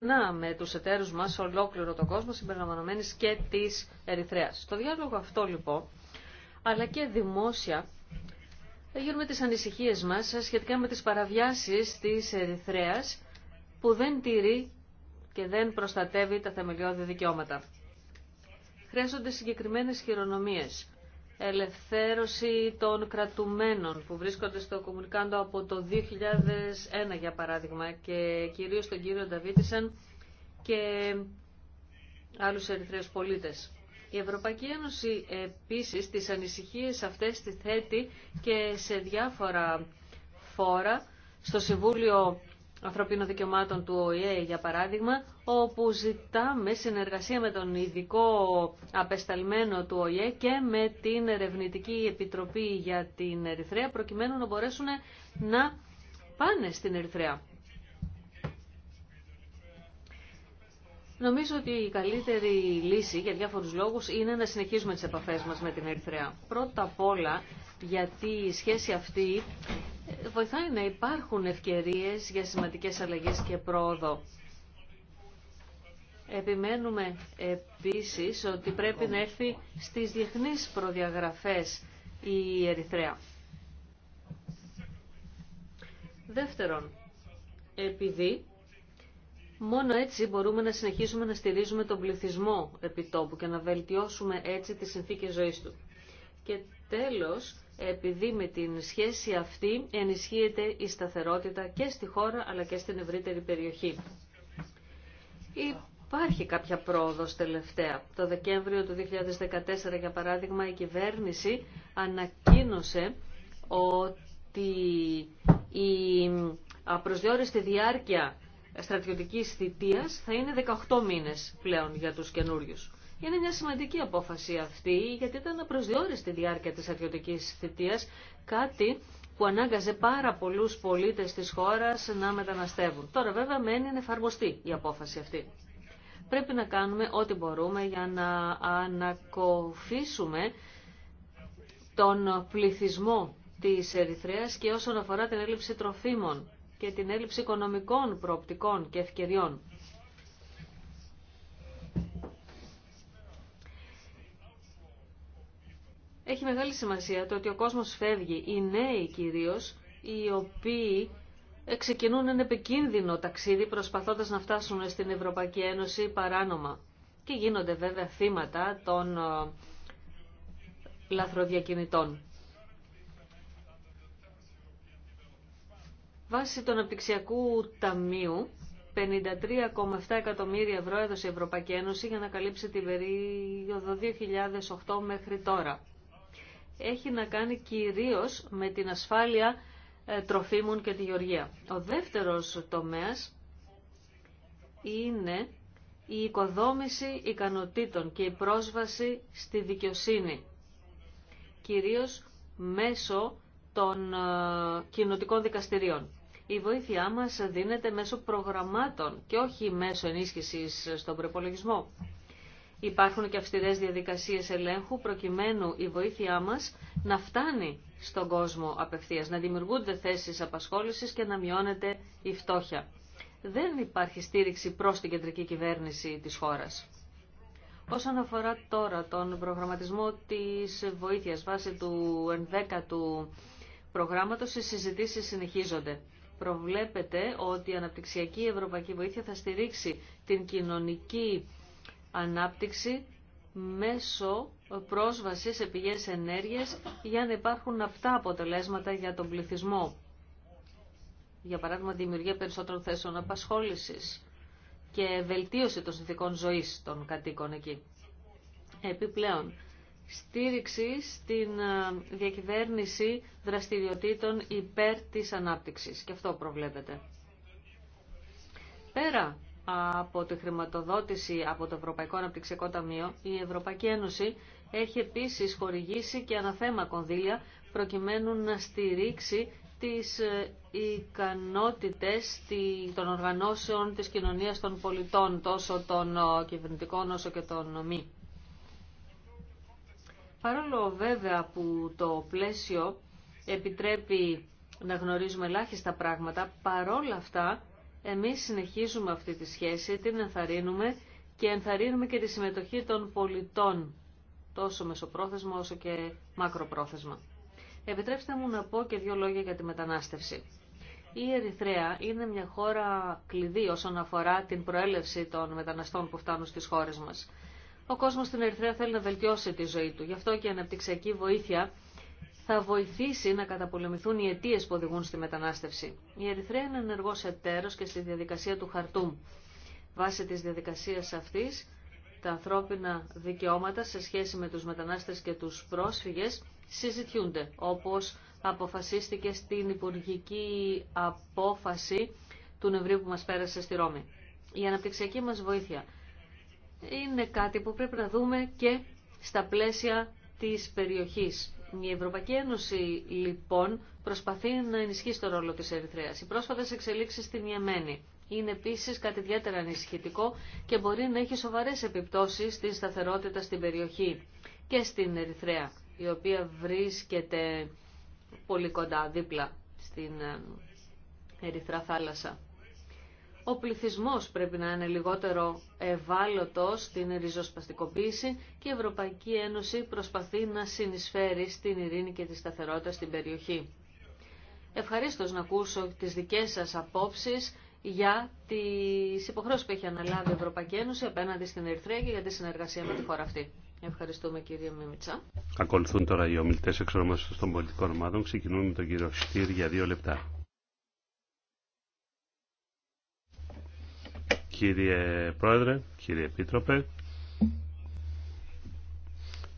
να με τους εταίρους μας ολόκληρο τον κόσμο, συμπεριλαμβανομένης και της Ερυθρέας. Το διάλογο αυτό λοιπόν, αλλά και δημόσια, με τις ανησυχίες μας σχετικά με τις παραβιάσεις της Ερυθρέας που δεν τηρεί και δεν προστατεύει τα θεμελιώδη δικαιώματα. Χρειάζονται συγκεκριμένες χειρονομίες ελευθέρωση των κρατουμένων που βρίσκονται στο Κομμουνικάντο από το 2001 για παράδειγμα και κυρίως τον κύριο Νταβίτισαν και άλλους Ερυθρέους πολίτες. Η Ευρωπαϊκή Ένωση επίσης τις ανησυχίες αυτές τη θέτει και σε διάφορα φόρα στο Συμβούλιο ανθρωπίνων δικαιωμάτων του ΟΗΕ, για παράδειγμα, όπου ζητάμε συνεργασία με τον ειδικό απεσταλμένο του ΟΗΕ και με την Ερευνητική Επιτροπή για την Ερυθρέα, προκειμένου να μπορέσουν να πάνε στην Ερυθρέα. Νομίζω ότι η καλύτερη λύση για διάφορους λόγους είναι να συνεχίζουμε τις επαφές μας με την Ερυθρέα. Πρώτα απ' όλα γιατί η σχέση αυτή βοηθάει να υπάρχουν ευκαιρίες για σημαντικές αλλαγές και πρόοδο. Επιμένουμε επίσης ότι πρέπει να έρθει στις διεθνείς προδιαγραφές η Ερυθρέα. Δεύτερον, επειδή μόνο έτσι μπορούμε να συνεχίσουμε να στηρίζουμε τον πληθυσμό επιτόπου και να βελτιώσουμε έτσι τις συνθήκες ζωής του. Και τέλος, επειδή με την σχέση αυτή ενισχύεται η σταθερότητα και στη χώρα αλλά και στην ευρύτερη περιοχή. Υπάρχει κάποια πρόοδος τελευταία. Το Δεκέμβριο του 2014, για παράδειγμα, η κυβέρνηση ανακοίνωσε ότι η απροσδιόριστη διάρκεια στρατιωτικής θητείας θα είναι 18 μήνες πλέον για τους καινούριους. Είναι μια σημαντική απόφαση αυτή, γιατί ήταν να προσδιορίσει τη διάρκεια της αρχαιοτικής θητείας, κάτι που ανάγκαζε πάρα πολλούς πολίτες της χώρας να μεταναστεύουν. Τώρα βέβαια μένει να εφαρμοστεί η απόφαση αυτή. Πρέπει να κάνουμε ό,τι μπορούμε για να ανακοφίσουμε τον πληθυσμό της Ερυθρέας και όσον αφορά την έλλειψη τροφίμων και την έλλειψη οικονομικών προοπτικών και ευκαιριών. Έχει μεγάλη σημασία το ότι ο κόσμος φεύγει, οι νέοι κυρίως, οι οποίοι ξεκινούν ένα επικίνδυνο ταξίδι προσπαθώντας να φτάσουν στην Ευρωπαϊκή Ένωση παράνομα. Και γίνονται βέβαια θύματα των ε, λαθροδιακινητών. Βάσει τον Αναπτυξιακού Ταμείου, 53,7 εκατομμύρια ευρώ έδωσε η Ευρωπαϊκή Ένωση για να καλύψει την περίοδο 2008 μέχρι τώρα έχει να κάνει κυρίως με την ασφάλεια ε, τροφίμων και τη γεωργία. Ο δεύτερος τομέας είναι η οικοδόμηση ικανοτήτων και η πρόσβαση στη δικαιοσύνη, κυρίως μέσω των ε, κοινωτικών δικαστηρίων. Η βοήθειά μας δίνεται μέσω προγραμμάτων και όχι μέσω ενίσχυσης στον προπολογισμό. Υπάρχουν και αυστηρές διαδικασίες ελέγχου προκειμένου η βοήθειά μας να φτάνει στον κόσμο απευθείας, να δημιουργούνται θέσεις απασχόλησης και να μειώνεται η φτώχεια. Δεν υπάρχει στήριξη προς την κεντρική κυβέρνηση της χώρας. Όσον αφορά τώρα τον προγραμματισμό της βοήθειας βάσει του 11ου προγράμματος, οι συζητήσεις συνεχίζονται. Προβλέπεται ότι η αναπτυξιακή ευρωπαϊκή βοήθεια θα στηρίξει την κοινωνική ανάπτυξη μέσω πρόσβαση σε πηγές ενέργειας για να υπάρχουν αυτά αποτελέσματα για τον πληθυσμό. Για παράδειγμα, δημιουργία περισσότερων θέσεων απασχόλησης και βελτίωση των συνθήκων ζωής των κατοίκων εκεί. Επιπλέον, στήριξη στην ε, διακυβέρνηση δραστηριοτήτων υπέρ της ανάπτυξης. Και αυτό προβλέπεται. Πέρα από τη χρηματοδότηση από το Ευρωπαϊκό Αναπτυξιακό Ταμείο, η Ευρωπαϊκή Ένωση έχει επίσης χορηγήσει και αναθέμα κονδύλια προκειμένου να στηρίξει τις ε, ικανότητες των οργανώσεων της κοινωνίας των πολιτών, τόσο των ε, κυβερνητικών όσο και των ε, μη. Παρόλο βέβαια που το πλαίσιο επιτρέπει να γνωρίζουμε ελάχιστα πράγματα, παρόλα αυτά εμείς συνεχίζουμε αυτή τη σχέση, την ενθαρρύνουμε και ενθαρρύνουμε και τη συμμετοχή των πολιτών, τόσο μεσοπρόθεσμα όσο και μακροπρόθεσμα. Επιτρέψτε μου να πω και δύο λόγια για τη μετανάστευση. Η Ερυθρέα είναι μια χώρα κλειδί όσον αφορά την προέλευση των μεταναστών που φτάνουν στις χώρες μας. Ο κόσμος στην Ερυθρέα θέλει να βελτιώσει τη ζωή του, γι' αυτό και η αναπτυξιακή βοήθεια θα βοηθήσει να καταπολεμηθούν οι αιτίε που οδηγούν στη μετανάστευση. Η Ερυθρέα είναι ενεργό εταίρο και στη διαδικασία του Χαρτούμ. Βάσει τη διαδικασία αυτή, τα ανθρώπινα δικαιώματα σε σχέση με τους μετανάστε και τους πρόσφυγες συζητιούνται, όπως αποφασίστηκε στην Υπουργική Απόφαση του Νευρίου που μας πέρασε στη Ρώμη. Η αναπτυξιακή μας βοήθεια είναι κάτι που πρέπει να δούμε και στα πλαίσια της περιοχής. Η Ευρωπαϊκή Ένωση λοιπόν προσπαθεί να ενισχύσει το ρόλο της Ερυθρέας. Οι πρόσφατες εξελίξεις στην Ιεμένη είναι επίσης κάτι ιδιαίτερα ανησυχητικό και μπορεί να έχει σοβαρές επιπτώσεις στην σταθερότητα στην περιοχή και στην Ερυθρέα, η οποία βρίσκεται πολύ κοντά δίπλα στην ε, Ερυθρά θάλασσα ο πληθυσμός πρέπει να είναι λιγότερο ευάλωτο στην ριζοσπαστικοποίηση και η Ευρωπαϊκή Ένωση προσπαθεί να συνεισφέρει στην ειρήνη και τη σταθερότητα στην περιοχή. Ευχαριστώ να ακούσω τις δικές σας απόψεις για τις υποχρεώσεις που έχει αναλάβει η Ευρωπαϊκή Ένωση απέναντι στην Ερυθρέα και για τη συνεργασία με τη χώρα αυτή. Ευχαριστούμε κύριε Μιμιτσά. Ακολουθούν τώρα οι ομιλητές εξ των πολιτικών ομάδων. Ξεκινούμε με τον κύριο Στήρ για δύο λεπτά. Κύριε Πρόεδρε, κύριε Επίτροπε,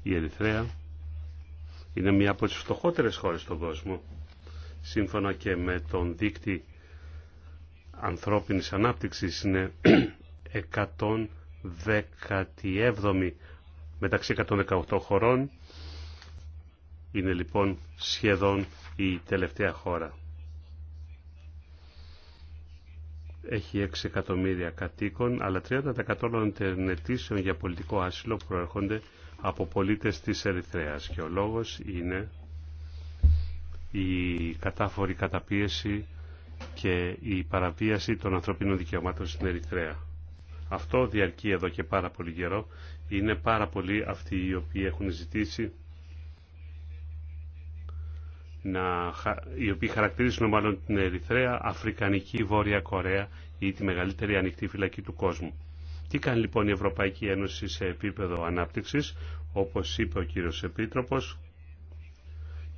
η Ερυθρέα είναι μία από τις φτωχότερες χώρες στον κόσμο. Σύμφωνα και με τον δίκτυ ανάπτυξης είναι 117η μεταξύ 118 χωρών. Είναι λοιπόν σχεδόν η τελευταία χώρα έχει 6 εκατομμύρια κατοίκων, αλλά 30% των αιτήσεων για πολιτικό άσυλο προέρχονται από πολίτες της Ερυθρέας και ο λόγος είναι η κατάφορη καταπίεση και η παραβίαση των ανθρωπίνων δικαιωμάτων στην Ερυθρέα. Αυτό διαρκεί εδώ και πάρα πολύ καιρό. Είναι πάρα πολλοί αυτοί οι οποίοι έχουν ζητήσει να, οι οποίοι χαρακτηρίζουν μάλλον την Ερυθρέα, Αφρικανική Βόρεια Κορέα ή τη μεγαλύτερη ανοιχτή φυλακή του κόσμου. Τι κάνει λοιπόν η Ευρωπαϊκή Ένωση σε επίπεδο ανάπτυξης, όπως είπε ο κύριος Επίτροπος,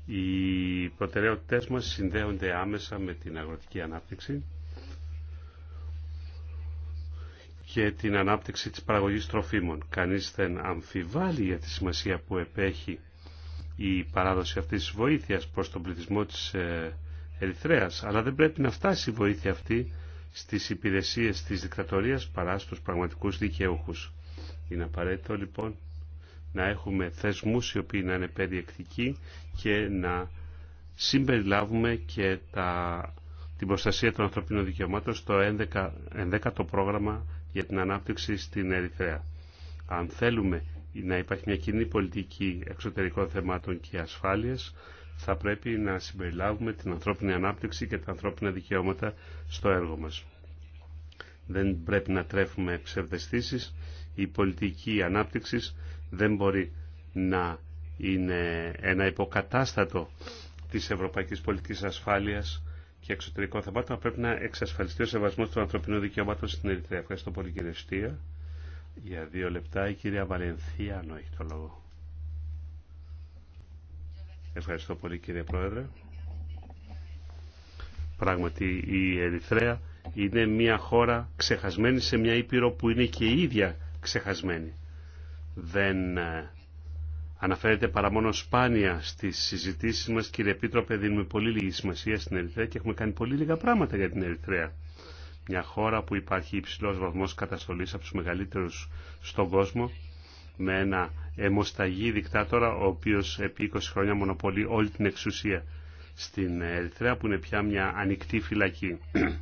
οι προτεραιότητές μας συνδέονται άμεσα με την αγροτική ανάπτυξη και την ανάπτυξη της παραγωγής τροφίμων. Κανείς δεν αμφιβάλλει για τη σημασία που επέχει η παράδοση αυτής της βοήθειας προς τον πληθυσμό της ε, Ερυθρέας. Αλλά δεν πρέπει να φτάσει η βοήθεια αυτή στις υπηρεσίες της δικτατορίας παρά στους πραγματικούς δικαιούχους. Είναι απαραίτητο λοιπόν να έχουμε θεσμούς οι οποίοι να είναι περιεκτικοί και να συμπεριλάβουμε και τα, την προστασία των ανθρωπίνων δικαιωμάτων στο 11, 11ο πρόγραμμα για την ανάπτυξη στην Ερυθρέα. Αν θέλουμε να υπάρχει μια κοινή πολιτική εξωτερικών θεμάτων και ασφάλειας, θα πρέπει να συμπεριλάβουμε την ανθρώπινη ανάπτυξη και τα ανθρώπινα δικαιώματα στο έργο μας. Δεν πρέπει να τρέφουμε ψευδεστήσεις. Η πολιτική ανάπτυξης δεν μπορεί να είναι ένα υποκατάστατο της ευρωπαϊκής πολιτικής ασφάλειας και εξωτερικών θεμάτων. Πρέπει να εξασφαλιστεί ο σεβασμός των ανθρωπινών δικαιωμάτων στην Ερυθρέα. Ευχαριστώ πολύ κύριε Στία. Για δύο λεπτά η κυρία Βαλενθίανο έχει το λόγο. Ευχαριστώ πολύ κύριε Πρόεδρε. Πράγματι η Ερυθρέα είναι μια χώρα ξεχασμένη σε μια ήπειρο που είναι και η ίδια ξεχασμένη. Δεν ε, αναφέρεται παρά μόνο σπάνια στις συζητήσεις μας κύριε Επίτροπε δίνουμε πολύ λίγη σημασία στην Ερυθρέα και έχουμε κάνει πολύ λίγα πράγματα για την Ερυθρέα. Μια χώρα που υπάρχει υψηλός βαθμός καταστολής από τους μεγαλύτερους στον κόσμο με ένα αιμοσταγή δικτάτορα ο οποίος επί 20 χρόνια μονοπολεί όλη την εξουσία στην Ερυθρέα που είναι πια μια ανοιχτή φυλακή.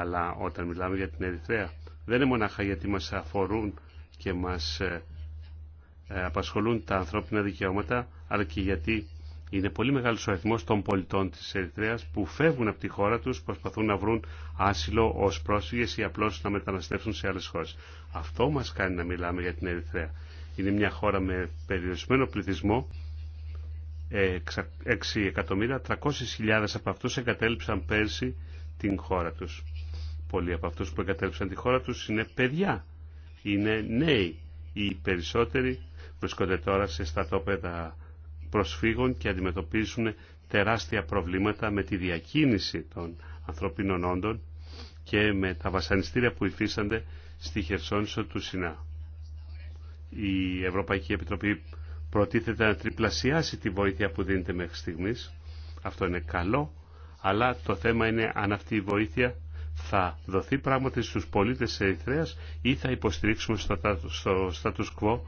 Αλλά όταν μιλάμε για την Ερυθρέα δεν είναι μονάχα γιατί μας αφορούν και μας ε, ε, απασχολούν τα ανθρώπινα δικαιώματα αλλά και γιατί είναι πολύ μεγάλος ο αριθμός των πολιτών της Ερυθρέας που φεύγουν από τη χώρα τους, προσπαθούν να βρουν άσυλο ως πρόσφυγες ή απλώς να μεταναστεύσουν σε άλλες χώρες. Αυτό μας κάνει να μιλάμε για την Ερυθρέα. Είναι μια χώρα με περιορισμένο πληθυσμό, 6 ε, εκατομμύρια, 300.000 από αυτούς εγκατέλειψαν πέρσι την χώρα τους. Πολλοί από αυτούς που εγκατέλειψαν τη χώρα τους είναι παιδιά, είναι νέοι. Οι περισσότεροι βρίσκονται τώρα σε στατόπεδα προσφύγων και αντιμετωπίζουν τεράστια προβλήματα με τη διακίνηση των ανθρωπίνων όντων και με τα βασανιστήρια που υφίστανται στη Χερσόνησο του Σινά. Η Ευρωπαϊκή Επιτροπή προτίθεται να τριπλασιάσει τη βοήθεια που δίνεται μέχρι στιγμής. Αυτό είναι καλό, αλλά το θέμα είναι αν αυτή η βοήθεια θα δοθεί πράγματι στους πολίτες της Ερυθρέας ή θα υποστηρίξουμε στο status quo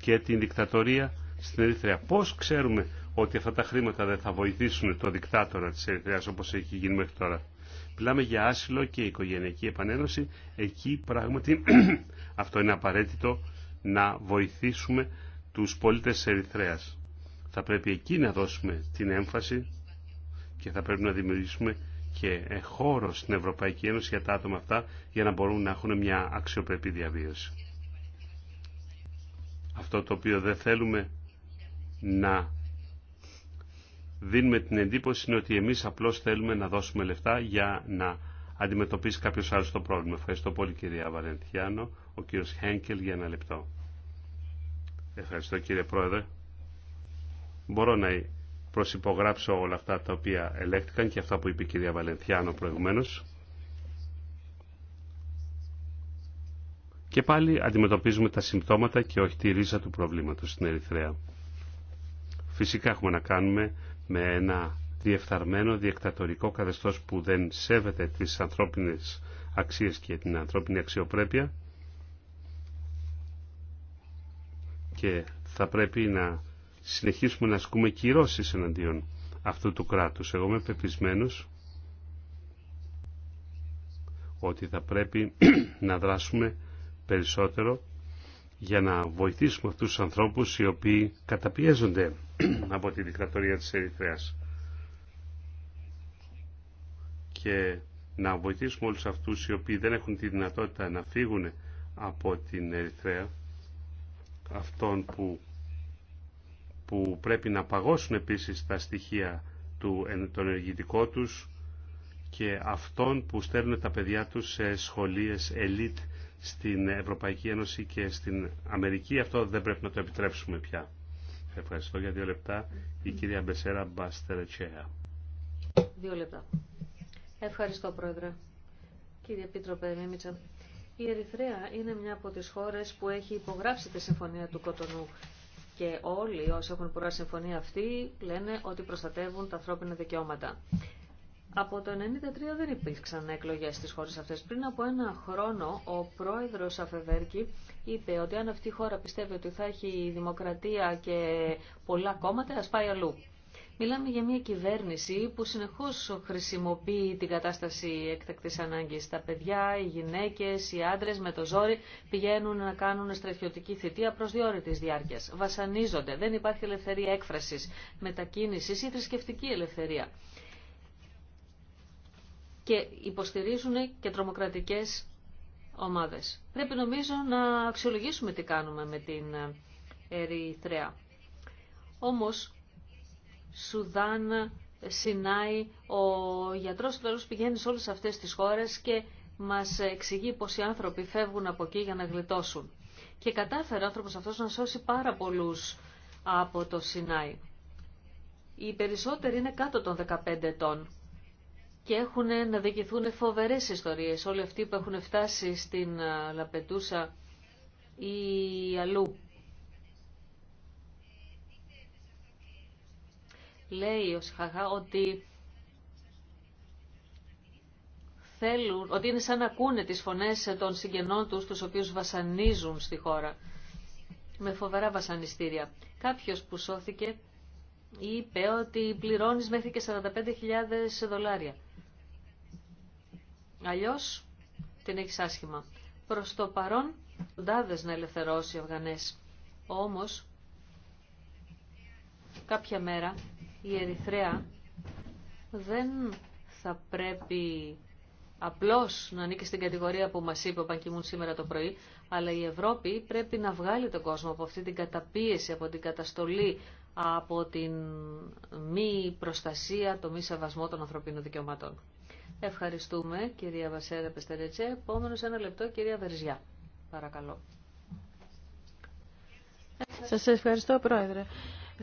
και την δικτατορία στην Ερυθρέα. πώ ξέρουμε ότι αυτά τα χρήματα δεν θα βοηθήσουν το δικτάτορα τη Ερυθρέα όπω έχει γίνει μέχρι τώρα. Μιλάμε για άσυλο και οικογενειακή επανένωση. Εκεί πράγματι αυτό είναι απαραίτητο να βοηθήσουμε του πολίτε της Ερυθρέα. Θα πρέπει εκεί να δώσουμε την έμφαση και θα πρέπει να δημιουργήσουμε και χώρο στην Ευρωπαϊκή Ένωση για τα άτομα αυτά για να μπορούν να έχουν μια αξιοπρεπή διαβίωση. Αυτό το οποίο δεν θέλουμε να δίνουμε την εντύπωση ότι εμείς απλώς θέλουμε να δώσουμε λεφτά για να αντιμετωπίσει κάποιος άλλος το πρόβλημα. Ευχαριστώ πολύ κυρία Βαλεντιάνο, ο κύριος Χένκελ για ένα λεπτό. Ευχαριστώ κύριε Πρόεδρε. Μπορώ να προσυπογράψω όλα αυτά τα οποία ελέγχθηκαν και αυτά που είπε η κυρία Βαλεντιάνο προηγουμένως. Και πάλι αντιμετωπίζουμε τα συμπτώματα και όχι τη ρίζα του προβλήματος στην Ερυθρέα. Φυσικά έχουμε να κάνουμε με ένα διεφθαρμένο διεκτατορικό καθεστώς που δεν σέβεται τις ανθρώπινες αξίες και την ανθρώπινη αξιοπρέπεια και θα πρέπει να συνεχίσουμε να ασκούμε κυρώσεις εναντίον αυτού του κράτους. Εγώ είμαι πεπισμένο ότι θα πρέπει να δράσουμε περισσότερο για να βοηθήσουμε αυτούς τους ανθρώπους οι οποίοι καταπιέζονται από τη δικτατορία της Ερυθρέας. Και να βοηθήσουμε όλους αυτούς οι οποίοι δεν έχουν τη δυνατότητα να φύγουν από την Ερυθρέα, αυτών που, που πρέπει να παγώσουν επίσης τα στοιχεία του, το ενεργητικό τους και αυτών που στέλνουν τα παιδιά τους σε σχολείες ελίτ στην Ευρωπαϊκή Ένωση και στην Αμερική. Αυτό δεν πρέπει να το επιτρέψουμε πια. Ευχαριστώ για δύο λεπτά. Η κυρία Μπεσέρα Μπαστερετσέα. Δύο λεπτά. Ευχαριστώ, Πρόεδρε. Κύριε Επίτροπε Μίμητσα, η Ερυθρέα είναι μια από τις χώρες που έχει υπογράψει τη Συμφωνία του Κοτονού και όλοι όσοι έχουν υπογράψει συμφωνία αυτή λένε ότι προστατεύουν τα ανθρώπινα δικαιώματα. Από το 1993 δεν υπήρξαν εκλογε στι χωρε αυτε Πριν από ένα χρόνο ο προεδρο Αφεβέρκη είπε ότι αν αυτή η χώρα πιστεύει ότι θα έχει δημοκρατία και πολλά κόμματα, α πάει αλλού. Μιλάμε για μια κυβέρνηση που συνεχώ χρησιμοποιεί την κατάσταση έκτακτη ανάγκη. Τα παιδιά, οι γυναίκε, οι άντρε με το ζόρι πηγαίνουν να κάνουν στρατιωτική θητεία προς διόρυτης διάρκεια. Βασανίζονται, δεν υπάρχει ελευθερία έκφραση, μετακίνηση ή θρησκευτική ελευθερία και υποστηρίζουν και τρομοκρατικές ομάδες. Πρέπει νομίζω να αξιολογήσουμε τι κάνουμε με την ε, Ερυθρέα. Όμως, Σουδάν, ε, Σινάη, ο γιατρός του πηγαίνει σε όλες αυτές τις χώρες και μας εξηγεί πως οι άνθρωποι φεύγουν από εκεί για να γλιτώσουν. Και κατάφερε ο άνθρωπος αυτός να σώσει πάρα πολλούς από το Σινάη. Οι περισσότεροι είναι κάτω των 15 ετών και έχουν να διοικηθούν φοβερές ιστορίες. Όλοι αυτοί που έχουν φτάσει στην ε, Λαπετούσα ή αλλού. Λέει ο Σχαχά ότι θέλουν, ότι είναι σαν να ακούνε τις φωνές των συγγενών τους, τους οποίους βασανίζουν στη χώρα, με φοβερά βασανιστήρια. Κάποιος που σώθηκε είπε ότι πληρώνεις μέχρι και 45.000 δολάρια. Αλλιώς την έχει άσχημα. Προς το παρόν, ντάδες να ελευθερώσει οι Αφγανές. Όμως, κάποια μέρα η Ερυθρέα δεν θα πρέπει απλώς να ανήκει στην κατηγορία που μας είπε ο Πανκιμούν σήμερα το πρωί, αλλά η Ευρώπη πρέπει να βγάλει τον κόσμο από αυτή την καταπίεση, από την καταστολή, από την μη προστασία, το μη σεβασμό των ανθρωπίνων δικαιωμάτων. Ευχαριστούμε κυρία Βασέρα Πεστερέτσε. Επόμενο ένα λεπτό κυρία Βεριζιά. Παρακαλώ. Σας ευχαριστώ πρόεδρε.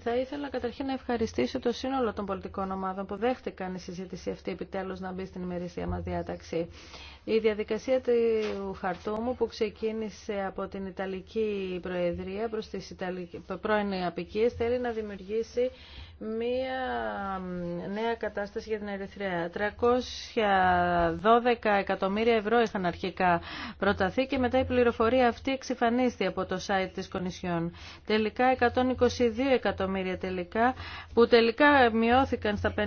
Θα ήθελα καταρχήν να ευχαριστήσω το σύνολο των πολιτικών ομάδων που δέχτηκαν η συζήτηση αυτή επιτέλου να μπει στην ημερήσια μα διάταξη. Η διαδικασία του χαρτού μου που ξεκίνησε από την Ιταλική Προεδρία προ τι Ιταλικ... πρώην Απικίε θέλει να δημιουργήσει μία νέα κατάσταση για την Ερυθρέα. 312 εκατομμύρια ευρώ είχαν αρχικά προταθεί και μετά η πληροφορία αυτή εξυφανίστηκε από το site της Κονισιόν. Τελικά 122 εκατομμύρια τελικά, που τελικά μειώθηκαν στα 52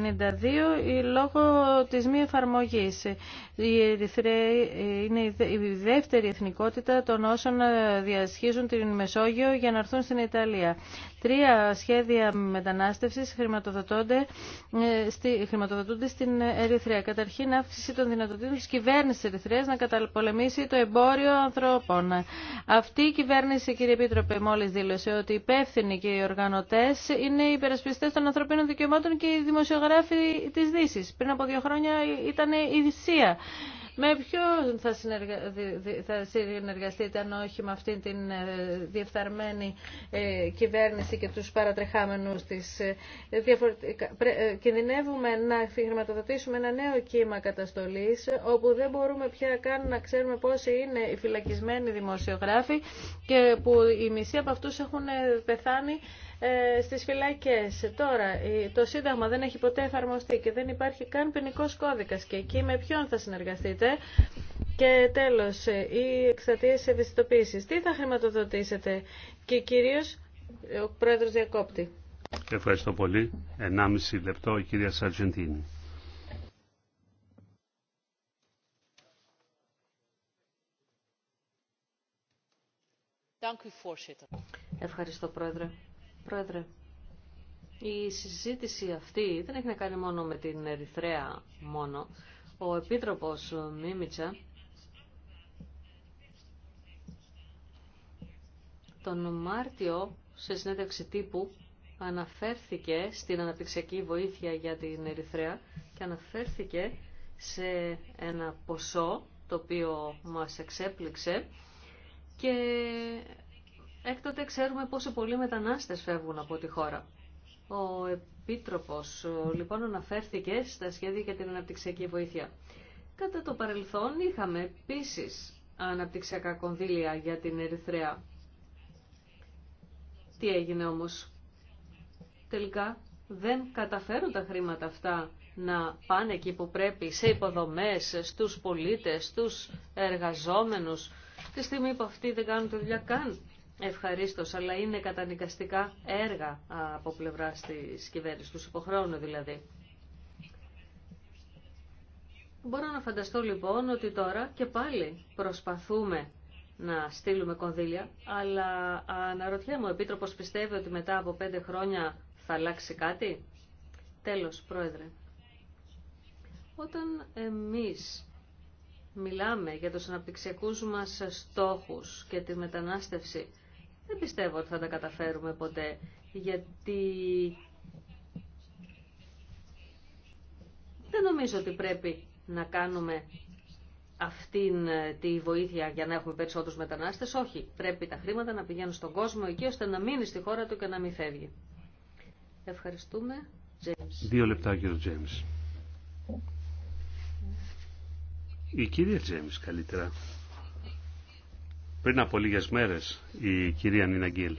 λόγω της μη εφαρμογής. Η Ερυθρέα είναι η δεύτερη εθνικότητα των όσων ε, διασχίζουν την Μεσόγειο για να έρθουν στην Ιταλία. Τρία σχέδια μετανάστευση χρηματοδοτούνται, ε, στη, χρηματοδοτούνται στην Ερυθρέα. Καταρχήν, αύξηση των δυνατοτήτων της κυβέρνησης Ερυθρέας να καταπολεμήσει το εμπόριο ανθρώπων. Αυτή η κυβέρνηση, κύριε Επίτροπε, μόλις δήλωσε ότι οι υπεύθυνοι και οι οργανωτές είναι οι υπερασπιστές των ανθρωπίνων δικαιωμάτων και οι δημοσιογράφοι της Δύσης. Πριν από δύο χρόνια ήταν η Δυσία. Με ποιον θα, συνεργα... θα συνεργαστείτε αν όχι με αυτήν την ε, διεφθαρμένη ε, κυβέρνηση και τους παρατρεχάμενους της. Ε, κινδυνεύουμε να χρηματοδοτήσουμε ένα νέο κύμα καταστολής όπου δεν μπορούμε πια καν να ξέρουμε πόσοι είναι οι φυλακισμένοι δημοσιογράφοι και που οι μισοί από αυτούς έχουν πεθάνει ε, στις φυλακές. Τώρα, το Σύνταγμα δεν έχει ποτέ εφαρμοστεί και δεν υπάρχει καν ποινικό κώδικας και εκεί με ποιον θα συνεργαστείτε. Και τέλος, ε, οι εκστατείες ευαισθητοποίησης. Τι θα χρηματοδοτήσετε και κυρίως ο Πρόεδρος Διακόπτη. Ευχαριστώ πολύ. 1,5 λεπτό η κυρία Σαρτζεντίνη. Ευχαριστώ, Πρόεδρε. Πρόεδρε, η συζήτηση αυτή δεν έχει να κάνει μόνο με την Ερυθρέα μόνο. Ο Επίτροπος Μίμητσα τον Μάρτιο σε συνέντευξη τύπου αναφέρθηκε στην αναπτυξιακή βοήθεια για την Ερυθρέα και αναφέρθηκε σε ένα ποσό το οποίο μας εξέπληξε και Έκτοτε ξέρουμε πόσο πολλοί μετανάστες φεύγουν από τη χώρα. Ο Επίτροπος λοιπόν αναφέρθηκε στα σχέδια για την αναπτυξιακή βοήθεια. Κατά το παρελθόν είχαμε επίση αναπτυξιακά κονδύλια για την Ερυθρέα. Τι έγινε όμως. Τελικά δεν καταφέρουν τα χρήματα αυτά να πάνε εκεί που πρέπει, σε υποδομές, στους πολίτες, στους εργαζόμενους, τη στιγμή που αυτοί δεν κάνουν τη δουλειά καν. Ευχαριστώ, αλλά είναι κατανικαστικά έργα από πλευρά τη κυβέρνηση τους υποχρόνου, δηλαδή. Μπορώ να φανταστώ λοιπόν ότι τώρα και πάλι προσπαθούμε να στείλουμε κονδύλια, αλλά αναρωτιέμαι, ο Επίτροπος πιστεύει ότι μετά από πέντε χρόνια θα αλλάξει κάτι. Τέλος, Πρόεδρε. Όταν εμείς μιλάμε για τους αναπτυξιακούς μας στόχους και τη μετανάστευση, δεν πιστεύω ότι θα τα καταφέρουμε ποτέ, γιατί δεν νομίζω ότι πρέπει να κάνουμε αυτήν ε, τη βοήθεια για να έχουμε περισσότερους μετανάστες. Όχι, πρέπει τα χρήματα να πηγαίνουν στον κόσμο εκεί ώστε να μείνει στη χώρα του και να μην φεύγει. Ευχαριστούμε. James. Δύο λεπτά κύριο Τζέμις. Η κυρία Τζέμις καλύτερα. Πριν από λίγες μέρες η κυρία Νίνα Γκίλ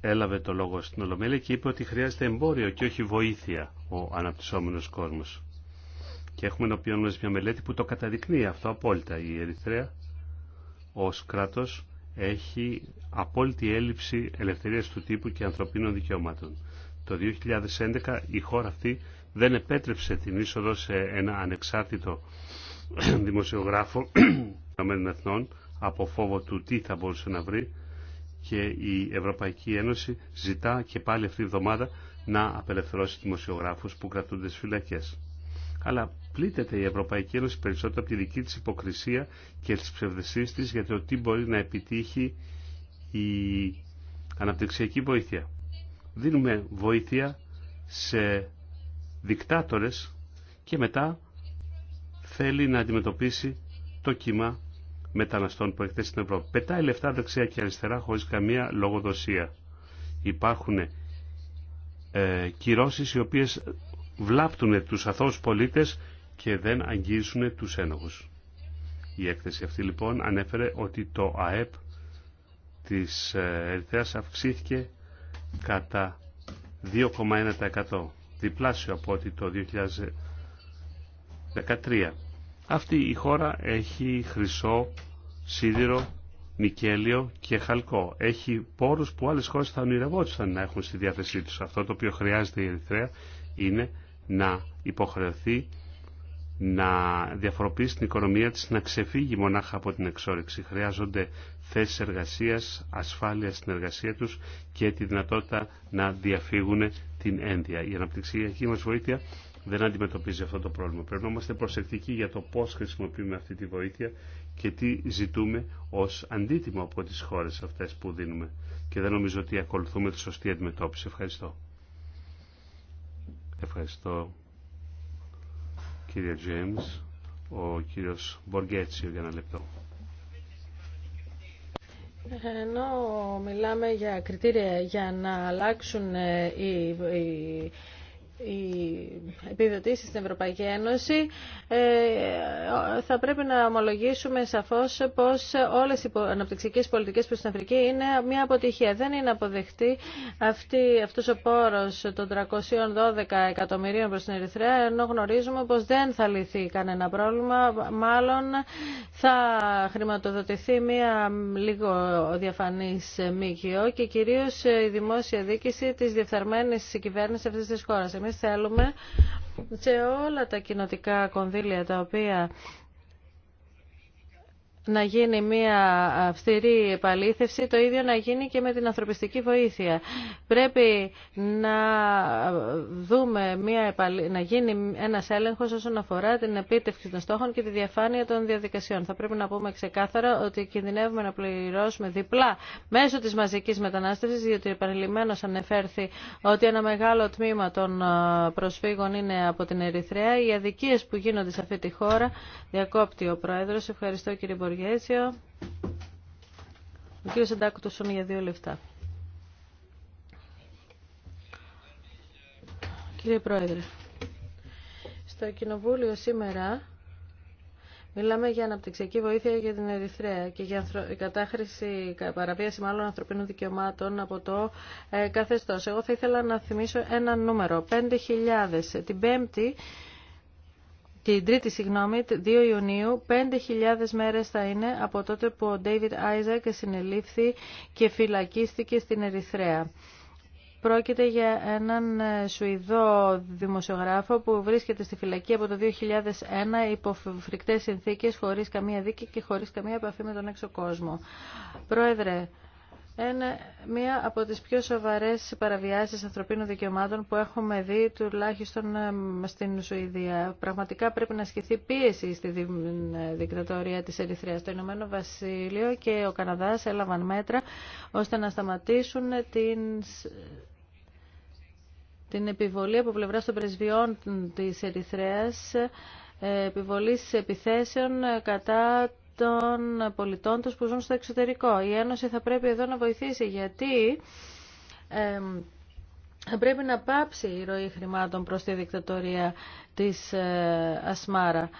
έλαβε το λόγο στην Ολομέλεια και είπε ότι χρειάζεται εμπόριο και όχι βοήθεια ο αναπτυσσόμενος κόσμος. Και έχουμε ενωπιόν μας μια μελέτη που το καταδεικνύει αυτό απόλυτα. Η Ερυθρέα ως κράτος έχει απόλυτη έλλειψη ελευθερίας του τύπου και ανθρωπίνων δικαιωμάτων. Το 2011 η χώρα αυτή δεν επέτρεψε την είσοδο σε ένα ανεξάρτητο δημοσιογράφο Εθνών από φόβο του τι θα μπορούσε να βρει και η Ευρωπαϊκή Ένωση ζητά και πάλι αυτή τη εβδομάδα να απελευθερώσει δημοσιογράφους που κρατούνται στις φυλακές. Αλλά πλήττεται η Ευρωπαϊκή Ένωση περισσότερο από τη δική της υποκρισία και τις ψευδεσίες της για το τι μπορεί να επιτύχει η αναπτυξιακή βοήθεια. Δίνουμε βοήθεια σε δικτάτορες και μετά θέλει να αντιμετωπίσει το κύμα μεταναστών που έχετε στην Ευρώπη. Πετάει λεφτά δεξιά και αριστερά χωρίς καμία λογοδοσία. Υπάρχουν ε, κυρώσεις οι οποίες βλάπτουν τους αθώους πολίτες και δεν αγγίζουν τους ένοχους. Η έκθεση αυτή λοιπόν ανέφερε ότι το ΑΕΠ της ε, Ερυθέας αυξήθηκε κατά 2,1% διπλάσιο από ότι το 2013. Αυτή η χώρα έχει χρυσό σίδηρο, Μικέλιο και Χαλκό. Έχει πόρους που άλλες χώρες θα ονειρευόντουσαν να έχουν στη διάθεσή τους. Αυτό το οποίο χρειάζεται η Ερυθρέα είναι να υποχρεωθεί να διαφοροποιήσει την οικονομία της, να ξεφύγει μονάχα από την εξόρυξη. Χρειάζονται θέσεις εργασίας, ασφάλεια στην εργασία τους και τη δυνατότητα να διαφύγουν την ένδια. Η αναπτυξιακή μας βοήθεια δεν αντιμετωπίζει αυτό το πρόβλημα. Πρέπει να είμαστε προσεκτικοί για το πώς χρησιμοποιούμε αυτή τη βοήθεια και τι ζητούμε ως αντίτιμο από τις χώρες αυτές που δίνουμε. Και δεν νομίζω ότι ακολουθούμε τη σωστή αντιμετώπιση. Ευχαριστώ. Ευχαριστώ κύριε Τζέιμς, ο κύριος Μποργέτσιο για ένα λεπτό. Ενώ μιλάμε για κριτήρια για να αλλάξουν ε, οι, οι επιδοτήσεις στην Ευρωπαϊκή Ένωση ε, θα πρέπει να ομολογήσουμε σαφώς πως όλες οι αναπτυξικές πολιτικές προς την Αφρική είναι μια αποτυχία. Δεν είναι αποδεκτή αυτή, αυτός ο πόρος των 312 εκατομμυρίων προς την Ερυθρέα ενώ γνωρίζουμε πως δεν θα λυθεί κανένα πρόβλημα. Μάλλον θα χρηματοδοτηθεί μια λίγο διαφανής μήκυο και κυρίως η δημόσια δίκηση της διεφθαρμένης κυβέρνησης αυτής της χώρα θέλουμε σε όλα τα κοινοτικά κονδύλια τα οποία να γίνει μια αυστηρή επαλήθευση, το ίδιο να γίνει και με την ανθρωπιστική βοήθεια. Πρέπει να δούμε μια να γίνει ένας έλεγχος όσον αφορά την επίτευξη των στόχων και τη διαφάνεια των διαδικασιών. Θα πρέπει να πούμε ξεκάθαρα ότι κινδυνεύουμε να πληρώσουμε διπλά μέσω της μαζικής μετανάστευσης, διότι επανειλημμένως ανεφέρθη ότι ένα μεγάλο τμήμα των ε, προσφύγων είναι από την Ερυθρέα. Οι αδικίες που γίνονται σε αυτή τη χώρα διακόπτει ο Πρόεδρος. Ευχαριστώ κύριε Μποργέ. Γέζιο. Ο κύριος για δύο λεφτά. Κύριε Πρόεδρε, στο Κοινοβούλιο σήμερα Μιλάμε για αναπτυξιακή βοήθεια για την Ερυθρέα και για κατάχρηση, παραβίαση μάλλον ανθρωπίνων δικαιωμάτων από το ε, καθεστώς. Εγώ θα ήθελα να θυμίσω ένα νούμερο, 5.000. Την Πέμπτη την τρίτη συγγνώμη, 2 Ιουνίου, 5.000 μέρες θα είναι από τότε που ο Ντέιβιτ Άιζακ συνελήφθη και φυλακίστηκε στην Ερυθρέα. Πρόκειται για έναν ε, Σουηδό δημοσιογράφο που βρίσκεται στη φυλακή από το 2001 υπό φρικτές συνθήκες, χωρίς καμία δίκη και χωρίς καμία επαφή με τον έξω κόσμο. Πρόεδρε, είναι μία από τις πιο σοβαρές παραβιάσεις ανθρωπίνων δικαιωμάτων που έχουμε δει τουλάχιστον ε, στην Σουηδία. Πραγματικά πρέπει να ασκηθεί πίεση στη ε, δικτατορία της Ερυθρέας. Το Ηνωμένο Βασίλειο και ο Καναδάς έλαβαν μέτρα ώστε να σταματήσουν την την επιβολή από πλευράς των πρεσβειών της Ερυθρέας ε, επιβολής επιθέσεων κατά των πολιτών τους που ζουν στο εξωτερικό. Η Ένωση θα πρέπει εδώ να βοηθήσει γιατί θα πρέπει να πάψει η ροή χρημάτων προς τη δικτατορία της ε, Ασμάρα.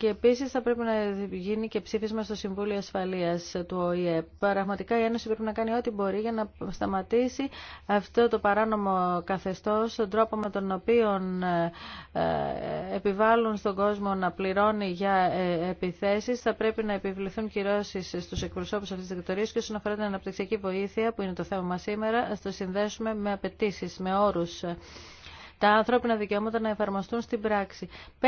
Και επίση θα πρέπει να γίνει και ψήφισμα στο Συμβούλιο Ασφαλείας του ΟΗΕ. Πραγματικά η Ένωση πρέπει να κάνει ό,τι μπορεί για να σταματήσει αυτό το παράνομο καθεστώ τον τρόπο με τον οποίο ε, ε, επιβάλλουν στον κόσμο να πληρώνει για ε, επιθέσει. Θα πρέπει να επιβληθούν κυρώσει στου εκπροσώπους αυτή τη δικτωρία και όσον αφορά την αναπτυξιακή βοήθεια, που είναι το θέμα μα σήμερα, Θα το συνδέσουμε με απαιτήσει, με όρου τα ανθρώπινα δικαιώματα να εφαρμοστούν στην πράξη. 5.000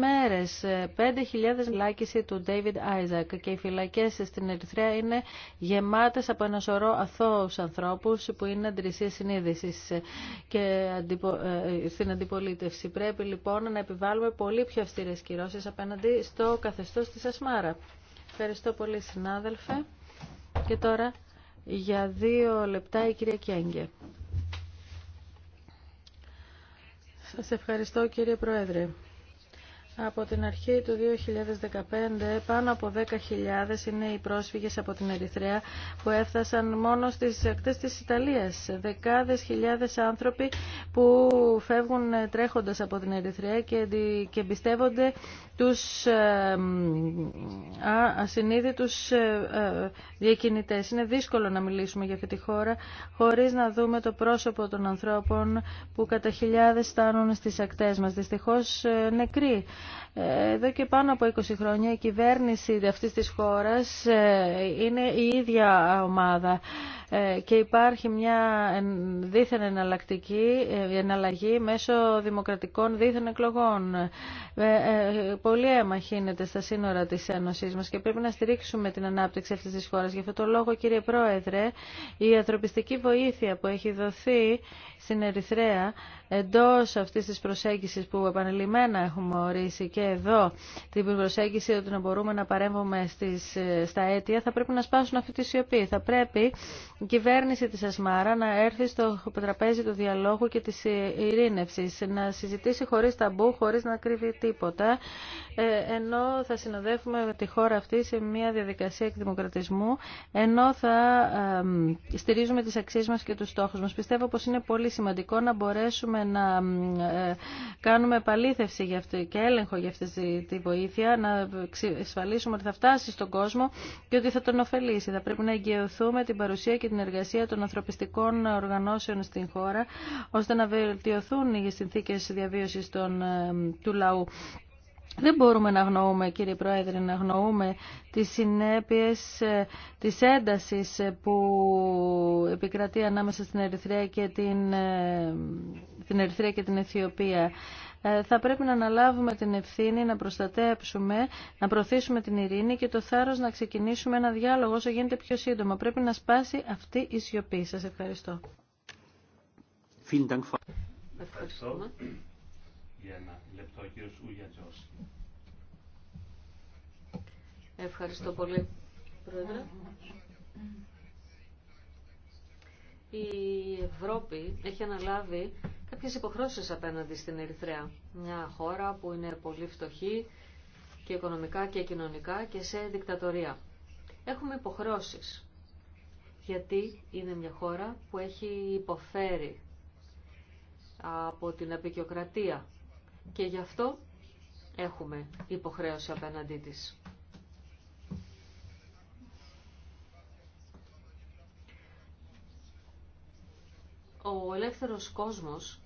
μέρες, 5.000 ε, φυλάκιση του David Isaac και οι φυλακές στην Ερυθρέα είναι γεμάτες από ένα σωρό αθώους ανθρώπους που είναι αντρισίες συνείδηση ε, και ε, στην αντιπολίτευση. Πρέπει λοιπόν να επιβάλλουμε πολύ πιο αυστηρές κυρώσεις απέναντι στο καθεστώς της Ασμάρα. Ευχαριστώ πολύ συνάδελφε. Και τώρα για δύο λεπτά η κυρία Κιάνγκε. Σας ευχαριστώ κύριε Πρόεδρε. Από την αρχή του 2015 πάνω από 10.000 είναι οι πρόσφυγες από την Ερυθρέα που έφτασαν μόνο στις ακτές της Ιταλίας. Δεκάδες χιλιάδες άνθρωποι που φεύγουν ε, τρέχοντας από την Ερυθρέα και, και εμπιστεύονται τους ασυνείδητους ε, ε, διακινητές. Είναι δύσκολο να μιλήσουμε για αυτή τη χώρα χωρίς να δούμε το πρόσωπο των ανθρώπων που κατά χιλιάδες φτάνουν στις ακτές μας. Δυστυχώς νεκροί. Ε, εδώ και πάνω από 20 χρόνια η κυβέρνηση αυτής της χώρας ε, είναι η ίδια ομάδα. Ε, και υπάρχει μια δίθεν εναλλακτική ε, εναλλαγή μέσω δημοκρατικών δίθεν εκλογών. Ε, πολύ αίμα χύνεται στα σύνορα της Ένωσης μας και πρέπει να στηρίξουμε την ανάπτυξη αυτής της χώρας. Γι' αυτό το λόγο, κύριε Πρόεδρε, η ανθρωπιστική βοήθεια που έχει δοθεί στην Ερυθρέα εντός αυτής της προσέγγισης που επανελειμμένα έχουμε ορίσει και εδώ την προσέγγιση ότι να μπορούμε να παρέμβουμε στις, στα αίτια θα πρέπει να σπάσουν αυτή τη σιωπή. Θα πρέπει η κυβέρνηση της Ασμάρα να έρθει στο τραπέζι του διαλόγου και της ειρήνευσης, να συζητήσει χωρίς ταμπού, χωρίς να κρύβει τίποτα, ε, ενώ θα συνοδεύουμε τη χώρα αυτή σε μια διαδικασία εκδημοκρατισμού, ενώ θα στηρίζουμε τις αξίες μας και τους στόχους μας. Πιστεύω πως είναι πολύ σημαντικό να μπορέσουμε να ε, κάνουμε επαλήθευση και έλεγχο για αυτή τη βοήθεια, να εξασφαλίσουμε ότι θα φτάσει στον κόσμο και ότι θα τον ωφελήσει. Θα πρέπει να εγγυηθούμε την παρουσία και την εργασία των ανθρωπιστικών οργανώσεων στην χώρα, ώστε να βελτιωθούν οι συνθήκες διαβίωσης των, ε, του λαού. Δεν μπορούμε να γνωρούμε, κύριε Πρόεδρε, να γνωρούμε τις συνέπειες ε, της έντασης ε, που επικρατεί ανάμεσα στην Ερυθρέα και την, την Ερυθρέα και την Αιθιοπία. Ε, θα πρέπει να αναλάβουμε την ευθύνη να προστατέψουμε, να προωθήσουμε την ειρήνη και το θάρρος να ξεκινήσουμε ένα διάλογο όσο γίνεται πιο σύντομα. Πρέπει να σπάσει αυτή η σιωπή. Σας ευχαριστώ. Ευχαριστώ. Ευχαριστώ πολύ, Πρόεδρε. Η Ευρώπη έχει αναλάβει κάποιες υποχρώσεις απέναντι στην Ερυθρέα. Μια χώρα που είναι πολύ φτωχή και οικονομικά και κοινωνικά και σε δικτατορία. Έχουμε υποχρώσεις γιατί είναι μια χώρα που έχει υποφέρει από την απεικιοκρατία και γι' αυτό έχουμε υποχρέωση απέναντί της. Ο ελεύθερος κόσμος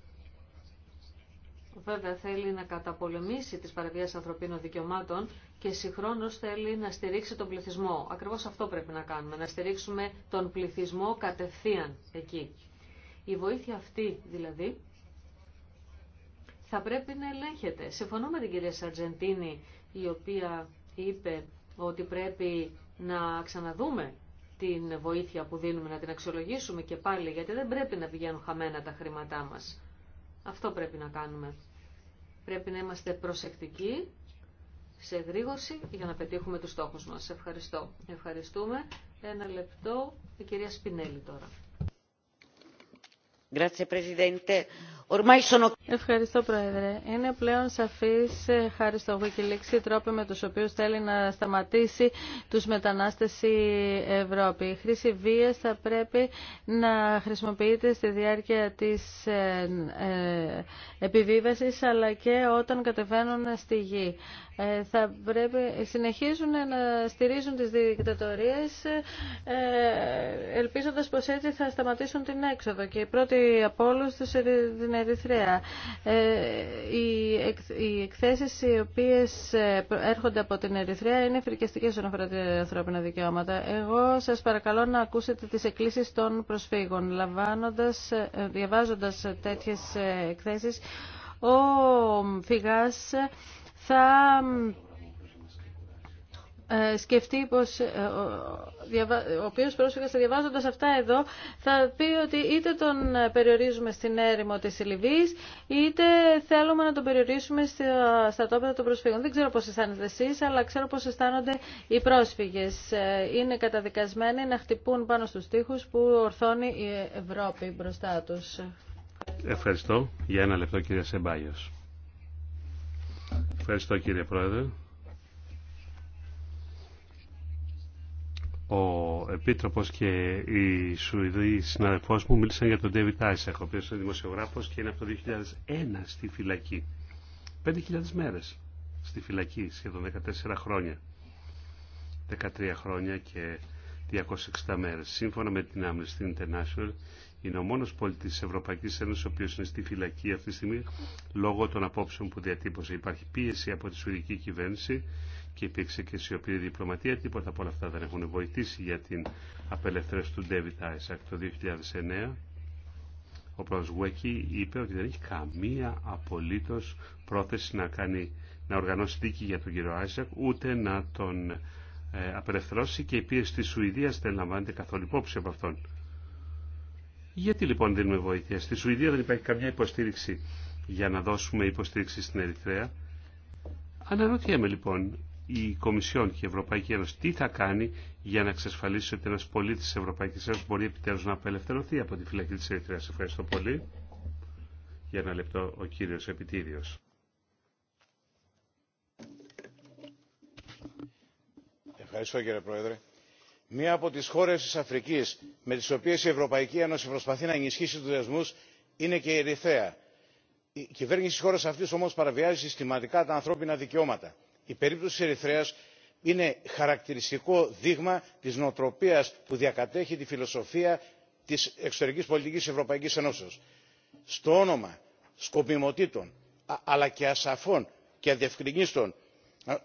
βέβαια θέλει να καταπολεμήσει τις παραβιάσεις ανθρωπίνων δικαιωμάτων και συγχρόνως θέλει να στηρίξει τον πληθυσμό. Ακριβώς αυτό πρέπει να κάνουμε, να στηρίξουμε τον πληθυσμό κατευθείαν εκεί. Η βοήθεια αυτή δηλαδή θα πρέπει να ελέγχεται. Συμφωνώ με την κυρία Σαρτζεντίνη η οποία είπε ότι πρέπει να ξαναδούμε την βοήθεια που δίνουμε να την αξιολογήσουμε και πάλι, γιατί δεν πρέπει να πηγαίνουν χαμένα τα χρήματά μας. Αυτό πρέπει να κάνουμε. Πρέπει να είμαστε προσεκτικοί σε εγρήγορση για να πετύχουμε τους στόχους μας. Ευχαριστώ. Ευχαριστούμε. Ένα λεπτό, η κυρία Σπινέλη τώρα. Ευχαριστώ, Πρόεδρε. Είναι πλέον σαφή ε, χάρη στο Wikileaks, οι τρόποι με τους οποίους θέλει να σταματήσει τους μετανάστες η Ευρώπη. Η χρήση βίας θα πρέπει να χρησιμοποιείται στη διάρκεια της ε, ε, επιβίβαση αλλά και όταν κατεβαίνουν στη γη. Θα πρέπει, συνεχίζουν να στηρίζουν τις ε, ελπίζοντα πω έτσι θα σταματήσουν την έξοδο. Και η πρώτη από όλου την Ερυθρέα. Ε, οι εκθέσεις οι οποίες ε, έρχονται από την Ερυθρέα είναι φρικιαστικές όσον αφορά τα ανθρώπινα δικαιώματα. Εγώ σας παρακαλώ να ακούσετε τις εκκλήσεις των προσφύγων. διαβάζοντα ε, διαβάζοντας τέτοιες εκθέσεις, ο φυγάς θα ε, σκεφτεί πως ε, ο οποίος πρόσφυγας διαβάζοντας αυτά εδώ θα πει ότι είτε τον ε, περιορίζουμε στην έρημο της Λιβύης είτε θέλουμε να τον περιορίσουμε στα τόπεδα των προσφύγων. Δεν ξέρω πώς αισθάνεστε εσείς αλλά ξέρω πώς αισθάνονται οι πρόσφυγες. Είναι καταδικασμένοι να χτυπούν πάνω στους τοίχους που ορθώνει η Ευρώπη μπροστά τους. Ευχαριστώ. Για ένα λεπτό κύριε Σεμπάγιος. Ευχαριστώ κύριε Πρόεδρε. ο Επίτροπος και η Σουηδοί συναδελφός μου μίλησαν για τον David Άισεχ, ο οποίο είναι δημοσιογράφος και είναι από το 2001 στη φυλακή. 5.000 μέρες στη φυλακή, σχεδόν 14 χρόνια. 13 χρόνια και 260 μέρες. Σύμφωνα με την Amnesty International, είναι ο μόνος πολίτης τη Ευρωπαϊκής Ένωσης, ο οποίος είναι στη φυλακή αυτή τη στιγμή, λόγω των απόψεων που διατύπωσε. Υπάρχει πίεση από τη Σουηδική κυβέρνηση και υπήρξε και σιωπηρή διπλωματία. Τίποτα από όλα αυτά δεν έχουν βοηθήσει για την απελευθέρωση του David Άισακ το 2009. Ο πρόεδρος Γουέκη είπε ότι δεν έχει καμία απολύτως πρόθεση να, κάνει, να οργανώσει δίκη για τον κύριο Άισακ, ούτε να τον ε, απελευθερώσει και η πίεση της Σουηδίας δεν λαμβάνεται καθόλου υπόψη από αυτόν. Γιατί λοιπόν δίνουμε βοήθεια. Στη Σουηδία δεν υπάρχει καμιά υποστήριξη για να δώσουμε υποστήριξη στην Ερυθρέα. Αναρωτιέμαι λοιπόν, η Κομισιόν και η Ευρωπαϊκή Ένωση τι θα κάνει για να εξασφαλίσει ότι ένα πολίτη τη Ευρωπαϊκής Ένωση μπορεί επιτέλου να απελευθερωθεί από τη φυλακή τη Ερυθρέας. Ευχαριστώ πολύ. Για ένα λεπτό ο κύριος Επιτήριος. Ευχαριστώ κύριε Πρόεδρε. Μία από τις χώρες της Αφρικής με τις οποίες η Ευρωπαϊκή Ένωση προσπαθεί να ενισχύσει τους δεσμούς είναι και η Ερυθρέα. Η κυβέρνηση της χώρας αυτή όμως παραβιάζει συστηματικά τα ανθρώπινα δικαιώματα η περίπτωση της ερυθρέας είναι χαρακτηριστικό δείγμα της νοοτροπίας που διακατέχει τη φιλοσοφία της εξωτερικής πολιτικής ευρωπαϊκής Ένωσης. στο όνομα σκοπιμοτήτων αλλά και ασαφών και αδιευκρινίστων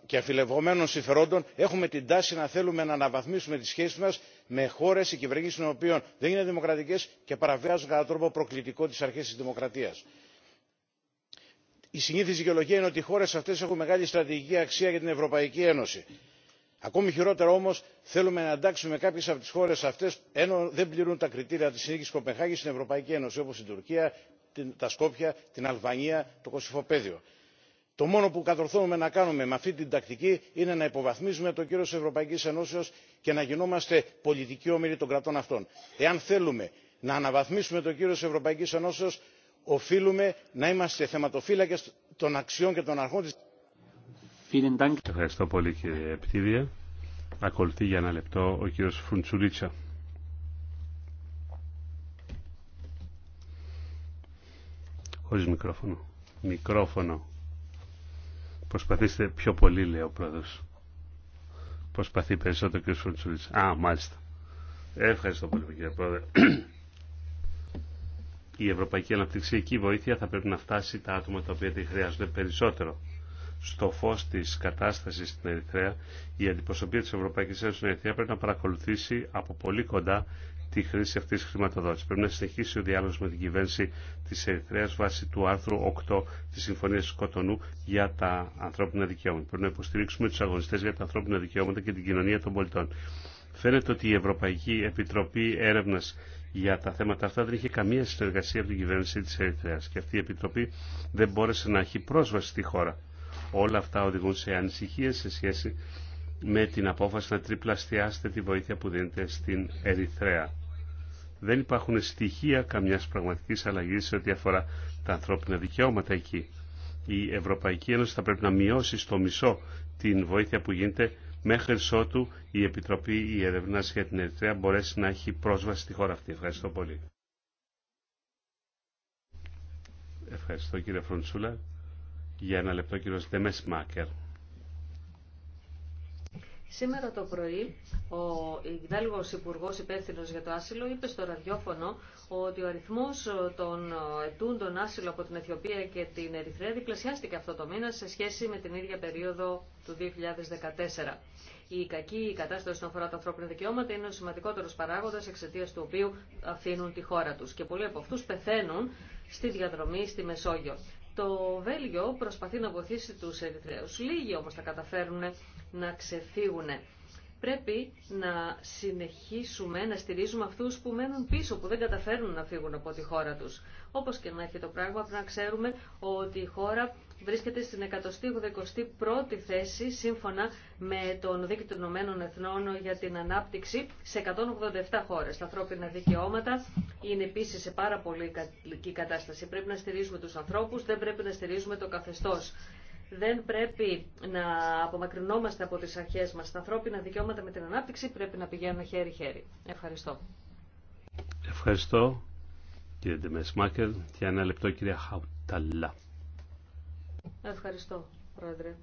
και αφιλευόμενων συμφερόντων έχουμε την τάση να θέλουμε να αναβαθμίσουμε τις σχέσεις μας με χώρες οι κυβερνήσεις των οποίων δεν είναι δημοκρατικές και παραβιάζουν κατά τρόπο προκλητικό τις αρχές της δημοκρατίας η συνήθι δικαιολογία είναι ότι οι χώρε αυτέ έχουν μεγάλη στρατηγική αξία για την ευρωπαϊκή ένωση. ακόμη χειρότερα όμω θέλουμε να εντάξουμε κάποιε από τι χώρε αυτέ ενώ δεν πληρούν τα κριτήρια τη συνθήκη κοπενχάγη στην ευρωπαϊκή ένωση όπω η τουρκία τα σκόπια την αλβανία το Κωσυφοπέδιο. το μόνο που κατορθώνουμε να κάνουμε με αυτή την τακτική είναι να υποβαθμίζουμε το κύριο τη ευρωπαϊκή ενώσεω και να γινόμαστε πολιτικοί όμοιροι των κρατών αυτών. εάν θέλουμε να αναβαθμίσουμε το κύρος τη ευρωπαϊκή ενώσεω οφείλουμε να είμαστε θεματοφύλακες των αξιών και των αρχών της Ευχαριστώ πολύ κύριε Επιτήδια. Ακολουθεί για ένα λεπτό ο κύριο Φουντσουρίτσα. Χωρίς μικρόφωνο. Μικρόφωνο. Προσπαθήστε πιο πολύ λέει ο πρόεδρος. Προσπαθεί περισσότερο ο κύριο Φουντσουρίτσα. Α, μάλιστα. Ευχαριστώ πολύ κύριε πρόεδρε η Ευρωπαϊκή Αναπτυξιακή Βοήθεια θα πρέπει να φτάσει τα άτομα τα οποία τη χρειάζονται περισσότερο. Στο φω τη κατάσταση στην Ερυθρέα, η αντιπροσωπεία τη Ευρωπαϊκή Ένωση στην Ερυθρέα πρέπει να παρακολουθήσει από πολύ κοντά τη χρήση αυτή τη χρηματοδότηση. Πρέπει να συνεχίσει ο διάλογο με την κυβέρνηση τη Ερυθρέα βάσει του άρθρου 8 τη Συμφωνία τη Κοτονού για τα ανθρώπινα δικαιώματα. Πρέπει να υποστηρίξουμε του αγωνιστέ για τα ανθρώπινα δικαιώματα και την κοινωνία των πολιτών. Φαίνεται ότι η Ευρωπαϊκή Επιτροπή Έρευνα για τα θέματα αυτά δεν είχε καμία συνεργασία από την κυβέρνηση της Ερυθρέας και αυτή η Επιτροπή δεν μπόρεσε να έχει πρόσβαση στη χώρα. Όλα αυτά οδηγούν σε ανησυχίες σε σχέση με την απόφαση να τριπλαστιάσετε τη βοήθεια που δίνεται στην Ερυθρέα. Δεν υπάρχουν στοιχεία καμιάς πραγματικής αλλαγής σε ό,τι αφορά τα ανθρώπινα δικαιώματα εκεί. Η Ευρωπαϊκή Ένωση θα πρέπει να μειώσει στο μισό την βοήθεια που γίνεται μέχρι ότου η Επιτροπή η Ερευνά για την Ερυθρέα μπορέσει να έχει πρόσβαση στη χώρα αυτή. Ευχαριστώ πολύ. Ευχαριστώ κύριε Φροντσούλα. Για ένα λεπτό κύριο Δεμέσμακερ. Μάκερ. Σήμερα το πρωί ο Ιγδάλγος υπουργό υπεύθυνο για το άσυλο είπε στο ραδιόφωνο ότι ο αριθμό των ετούντων άσυλο από την Αιθιοπία και την Ερυθρέα διπλασιάστηκε αυτό το μήνα σε σχέση με την ίδια περίοδο του 2014. Η κακή κατάσταση όσον αφορά τα ανθρώπινα δικαιώματα είναι ο σημαντικότερο παράγοντα εξαιτία του οποίου αφήνουν τη χώρα του. και πολλοί από αυτού πεθαίνουν στη διαδρομή στη Μεσόγειο. Το Βέλγιο προσπαθεί να βοηθήσει του Ερυθρέου. Λίγοι όμω τα καταφέρουν να ξεφύγουν. Πρέπει να συνεχίσουμε να στηρίζουμε αυτούς που μένουν πίσω, που δεν καταφέρνουν να φύγουν από τη χώρα τους. Όπως και να έχει το πράγμα, πρέπει να ξέρουμε ότι η χώρα βρίσκεται στην 181η θέση σύμφωνα με τον Δίκτυο των Ηνωμένων Εθνών για την Ανάπτυξη σε 187 χώρες. Τα ανθρώπινα δικαιώματα είναι επίσης σε πάρα πολύ κατάσταση. Πρέπει να στηρίζουμε τους ανθρώπους, δεν πρέπει να στηρίζουμε το καθεστώς. Δεν πρέπει να απομακρυνόμαστε από τις αρχές μας. Τα ανθρώπινα δικαιώματα με την ανάπτυξη πρέπει να πηγαίνουν χέρι-χέρι. Ευχαριστώ. Ευχαριστώ κύριε Ντεμεσμάκερ και ένα λεπτό κυρία Χαουταλά. Ευχαριστώ πρόεδρε.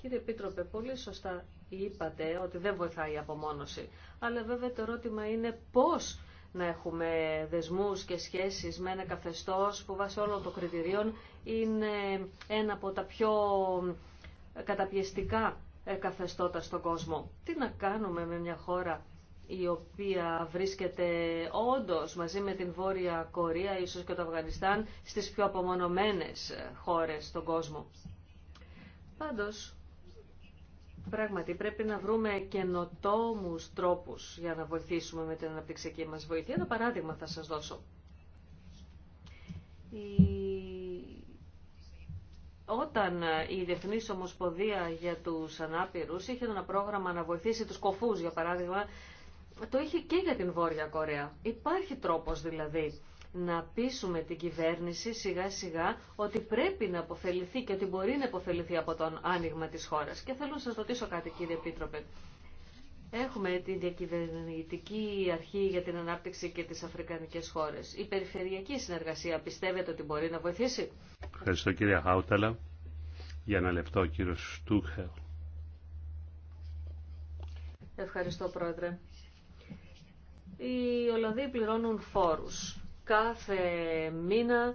Κύριε Επίτροπε, πολύ σωστά είπατε ότι δεν βοηθάει η απομόνωση. Αλλά βέβαια το ερώτημα είναι πώς να έχουμε δεσμούς και σχέσεις με ένα καθεστώς που βάσει όλων των κριτηρίων είναι ένα από τα πιο καταπιεστικά ε, καθεστώτα στον κόσμο. Τι να κάνουμε με μια χώρα η οποία βρίσκεται όντως μαζί με την Βόρεια Κορία, ίσως και το Αφγανιστάν, στις πιο απομονωμένες ε, χώρες στον κόσμο. Πάντως, Πράγματι, πρέπει να βρούμε καινοτόμου τρόπου για να βοηθήσουμε με την αναπτυξιακή μα βοήθεια. Ένα παράδειγμα θα σα δώσω. Η... Όταν η Διεθνή Ομοσποδία για του Ανάπηρου είχε ένα πρόγραμμα να βοηθήσει του κοφού, για παράδειγμα, το είχε και για την Βόρεια Κορέα. Υπάρχει τρόπο δηλαδή να πείσουμε την κυβέρνηση σιγά σιγά ότι πρέπει να αποφεληθεί και ότι μπορεί να αποφεληθεί από τον άνοιγμα της χώρας. Και θέλω να σας ρωτήσω κάτι κύριε Επίτροπε. Έχουμε την διακυβερνητική αρχή για την ανάπτυξη και τις αφρικανικές χώρες. Η περιφερειακή συνεργασία πιστεύετε ότι μπορεί να βοηθήσει. Ευχαριστώ κύριε Χάουταλα. Για ένα λεπτό κύριο Στούχελ. Ευχαριστώ πρόεδρε. Οι Ολλανδοί πληρώνουν φόρους κάθε μήνα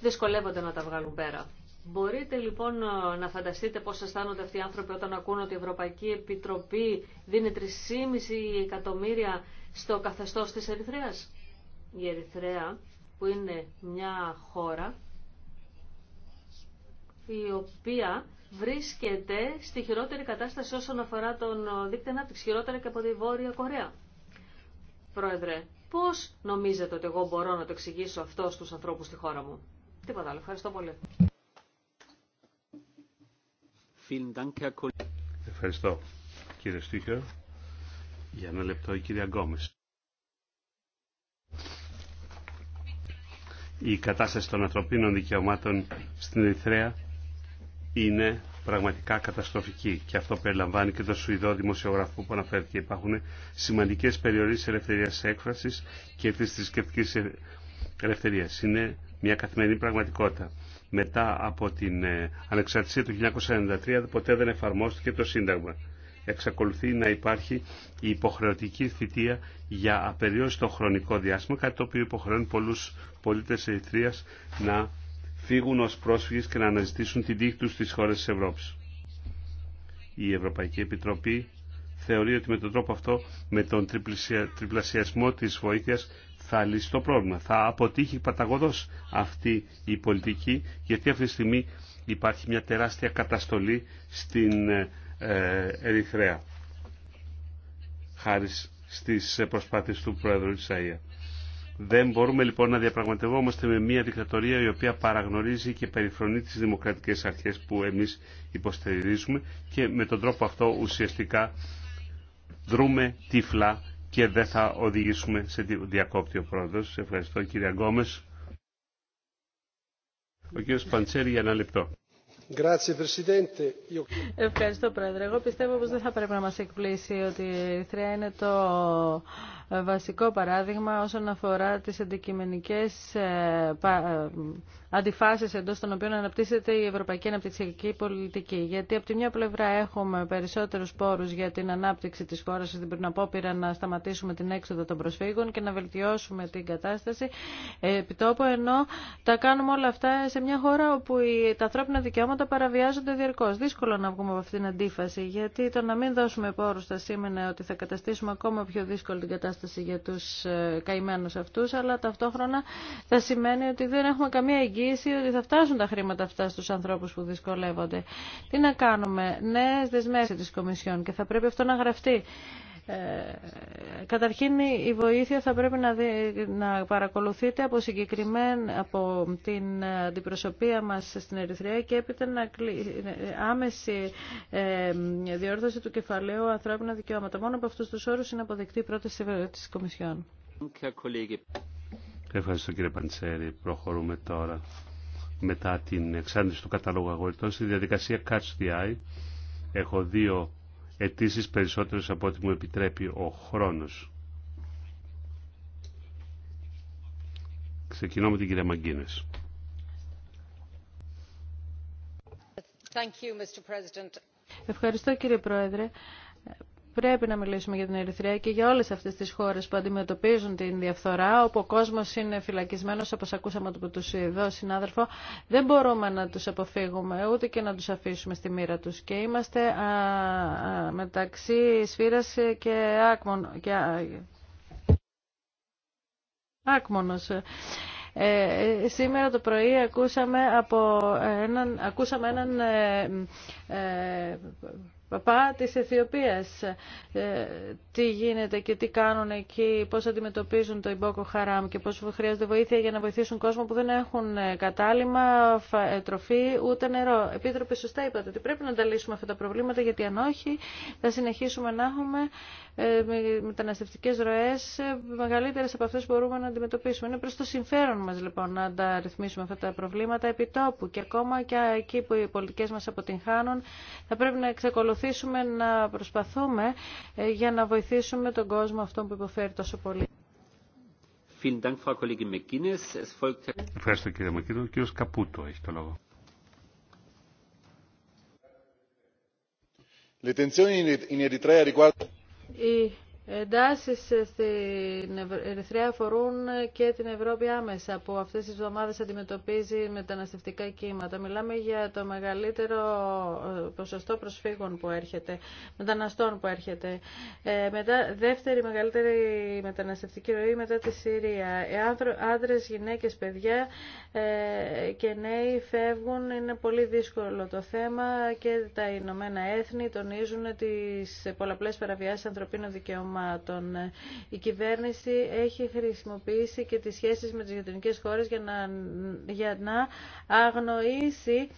δυσκολεύονται να τα βγάλουν πέρα. Μπορείτε λοιπόν να φανταστείτε πώς αισθάνονται αυτοί οι άνθρωποι όταν ακούν ότι η Ευρωπαϊκή Επιτροπή δίνει 3,5 εκατομμύρια στο καθεστώς της Ερυθρέας. Η Ερυθρέα που είναι μια χώρα η οποία βρίσκεται στη χειρότερη κατάσταση όσον αφορά τον δίκτυο ανάπτυξη, χειρότερα και από τη Βόρεια Κορέα. Πρόεδρε, Πώς νομίζετε ότι εγώ μπορώ να το εξηγήσω αυτό στους ανθρώπους στη χώρα μου. Τίποτα άλλο. Ευχαριστώ πολύ. Ευχαριστώ κύριε Στίχερ. Για ένα λεπτό η κυρία Γκόμες. Η κατάσταση των ανθρωπίνων δικαιωμάτων στην Ερυθρέα είναι πραγματικά καταστροφική. Και αυτό περιλαμβάνει και το Σουηδό δημοσιογραφό που αναφέρθηκε. Υπάρχουν σημαντικές περιορίσει ελευθερίας έκφρασης και της θρησκευτική ελευθερίας. Είναι μια καθημερινή πραγματικότητα. Μετά από την ε, ανεξαρτησία του 1993 ποτέ δεν εφαρμόστηκε το Σύνταγμα. Εξακολουθεί να υπάρχει η υποχρεωτική θητεία για απεριόριστο χρονικό διάστημα, κάτι το οποίο υποχρεώνει πολλούς πολίτες Ερυθρίας να φύγουν ως πρόσφυγες και να αναζητήσουν την τύχη τους στις χώρες της Ευρώπης. Η Ευρωπαϊκή Επιτροπή θεωρεί ότι με τον τρόπο αυτό, με τον τριπλασιασμό της βοήθειας, θα λύσει το πρόβλημα. Θα αποτύχει παταγωδός αυτή η πολιτική, γιατί αυτή τη στιγμή υπάρχει μια τεράστια καταστολή στην ε, Ερυθρέα, χάρη στις ε, προσπάθειες του Πρόεδρου της δεν μπορούμε λοιπόν να διαπραγματευόμαστε με μια δικτατορία η οποία παραγνωρίζει και περιφρονεί τις δημοκρατικές αρχές που εμείς υποστηρίζουμε και με τον τρόπο αυτό ουσιαστικά δρούμε τύφλα και δεν θα οδηγήσουμε σε διακόπτη ο πρόεδρος. Σε ευχαριστώ κύριε Γκόμες. Ο κύριος Παντσέρη για ένα λεπτό. Ευχαριστώ Πρόεδρε. Εγώ πιστεύω πως δεν θα πρέπει να μας εκπλήσει ότι η Ερυθρέα είναι το βασικό παράδειγμα όσον αφορά τις αντικειμενικές ε, ε, αντιφάσεις εντός των οποίων αναπτύσσεται η Ευρωπαϊκή Αναπτυξιακή Πολιτική. Γιατί από τη μια πλευρά έχουμε περισσότερους πόρους για την ανάπτυξη της χώρας στην πριν απόπειρα να σταματήσουμε την έξοδο των προσφύγων και να βελτιώσουμε την κατάσταση ε, επιτόπου, ενώ τα κάνουμε όλα αυτά σε μια χώρα όπου τα ανθρώπινα δικαιώματα θα παραβιάζονται διαρκώ. Δύσκολο να βγούμε από αυτήν την αντίφαση, γιατί το να μην δώσουμε πόρου θα σήμαινε ότι θα καταστήσουμε ακόμα πιο δύσκολη την κατάσταση για του ε, καημένου αυτού, αλλά ταυτόχρονα θα σημαίνει ότι δεν έχουμε καμία εγγύηση ότι θα φτάσουν τα χρήματα αυτά στου ανθρώπου που δυσκολεύονται. Τι να κάνουμε, νέε δεσμεύσει τη Κομισιόν και θα πρέπει αυτό να γραφτεί. Ε, καταρχήν η βοήθεια θα πρέπει να, δι... παρακολουθείται από, συγκεκριμένα, από την αντιπροσωπεία μας στην Ερυθρία και έπειτα να άμεση ε, διόρθωση του κεφαλαίου ανθρώπινα δικαιώματα. Μόνο από αυτούς τους όρους είναι αποδεκτή η πρόταση της Κομισιόν. Ευχαριστώ κύριε Παντσέρη. Προχωρούμε τώρα μετά την εξάντληση του καταλόγου αγορητών στη διαδικασία Catch the Eye. Έχω δύο αιτήσει περισσότερες από ό,τι μου επιτρέπει ο χρόνος. Ξεκινώ με την κυρία Μαγκίνες. Ευχαριστώ κύριε Πρόεδρε. Πρέπει να μιλήσουμε για την Ερυθρία και για όλες αυτές τις χώρες που αντιμετωπίζουν την διαφθορά, όπου ο κόσμος είναι φυλακισμένος, όπως ακούσαμε από τους εδώ συνάδελφο. Δεν μπορούμε να τους αποφύγουμε, ούτε και να τους αφήσουμε στη μοίρα τους. Και είμαστε α, μεταξύ σφύρας και άκμων. Και, άκμονος. Ε, ε, σήμερα το πρωί ακούσαμε, από έναν, ακούσαμε έναν ε, ε παπά της Αιθιοπίας. Ε, τι γίνεται και τι κάνουν εκεί, πώς αντιμετωπίζουν το Ιμπόκο Χαράμ και πώς χρειάζονται βοήθεια για να βοηθήσουν κόσμο που δεν έχουν ε, κατάλημα, ε, τροφή ούτε νερό. Επίτροπε, σωστά είπατε ότι πρέπει να τα λύσουμε αυτά τα προβλήματα γιατί αν όχι θα συνεχίσουμε να έχουμε μεταναστευτικές ροές μεγαλύτερες από αυτές που μπορούμε να αντιμετωπίσουμε. Είναι προς το συμφέρον μας λοιπόν να τα ρυθμίσουμε αυτά τα προβλήματα επιτόπου και ακόμα και εκεί που οι πολιτικές μας αποτυγχάνουν θα πρέπει να εξακολουθούμε εξακολουθήσουμε να προσπαθούμε ε, για να βοηθήσουμε τον κόσμο αυτό που υποφέρει τόσο πολύ. Ευχαριστώ κύριε Μακίνο. Ο κύριος Καπούτο έχει το λόγο. Le tensioni in Eritrea riguardano... Εντάσει στην Ερυθρέα αφορούν και την Ευρώπη άμεσα που αυτές τις εβδομάδες αντιμετωπίζει μεταναστευτικά κύματα. Μιλάμε για το μεγαλύτερο ε, ποσοστό προσφύγων που έρχεται, μεταναστών που έρχεται. Ε, μετά, δεύτερη μεγαλύτερη μεταναστευτική ροή μετά τη Συρία. Ε, άντρες, γυναίκες, παιδιά ε, και νέοι φεύγουν. Είναι πολύ δύσκολο το θέμα και τα Ηνωμένα Έθνη τονίζουν τις πολλαπλές παραβιάσεις ανθρωπίνων δικαιωμάτων η κυβέρνηση έχει χρησιμοποιήσει και τις σχέσεις με τις γειτονικές χώρες για να, για να αγνοήσει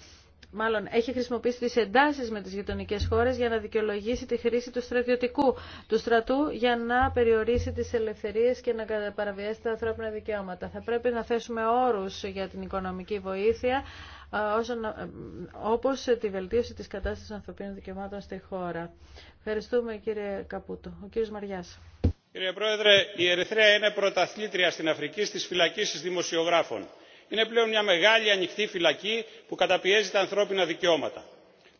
Μάλλον έχει χρησιμοποιήσει τις εντάσεις με τις γειτονικές χώρες για να δικαιολογήσει τη χρήση του στρατιωτικού, του στρατού, για να περιορίσει τις ελευθερίες και να παραβιάσει τα ανθρώπινα δικαιώματα. Θα πρέπει να θέσουμε όρους για την οικονομική βοήθεια, όπω όπως τη βελτίωση της κατάστασης ανθρωπίνων δικαιωμάτων στη χώρα. Ευχαριστούμε κύριε Καπούτο. Ο κύριος Μαριάς. Κύριε Πρόεδρε, η Ερυθρέα είναι πρωταθλήτρια στην Αφρική στις φυλακίσεις δημοσιογράφων. Είναι πλέον μια μεγάλη ανοιχτή φυλακή που καταπιέζει τα ανθρώπινα δικαιώματα.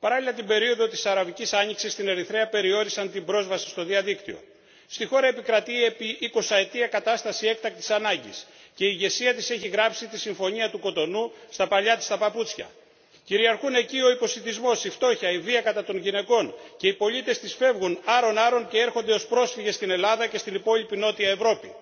Παράλληλα την περίοδο της Αραβικής Άνοιξης στην Ερυθρέα περιόρισαν την πρόσβαση στο διαδίκτυο. Στη χώρα επικρατεί επί 20 ετία κατάσταση έκτακτης ανάγκης και η ηγεσία της έχει γράψει τη συμφωνία του κοτονού στα παλιά της τα παπούτσια. κυριαρχούν εκεί ο υποσιτισμός η φτώχεια η βία κατά των γυναικών και οι πολίτες της φεύγουν άρον άρον και έρχονται ως πρόσφυγες στην ελλάδα και στην υπόλοιπη νότια ευρώπη.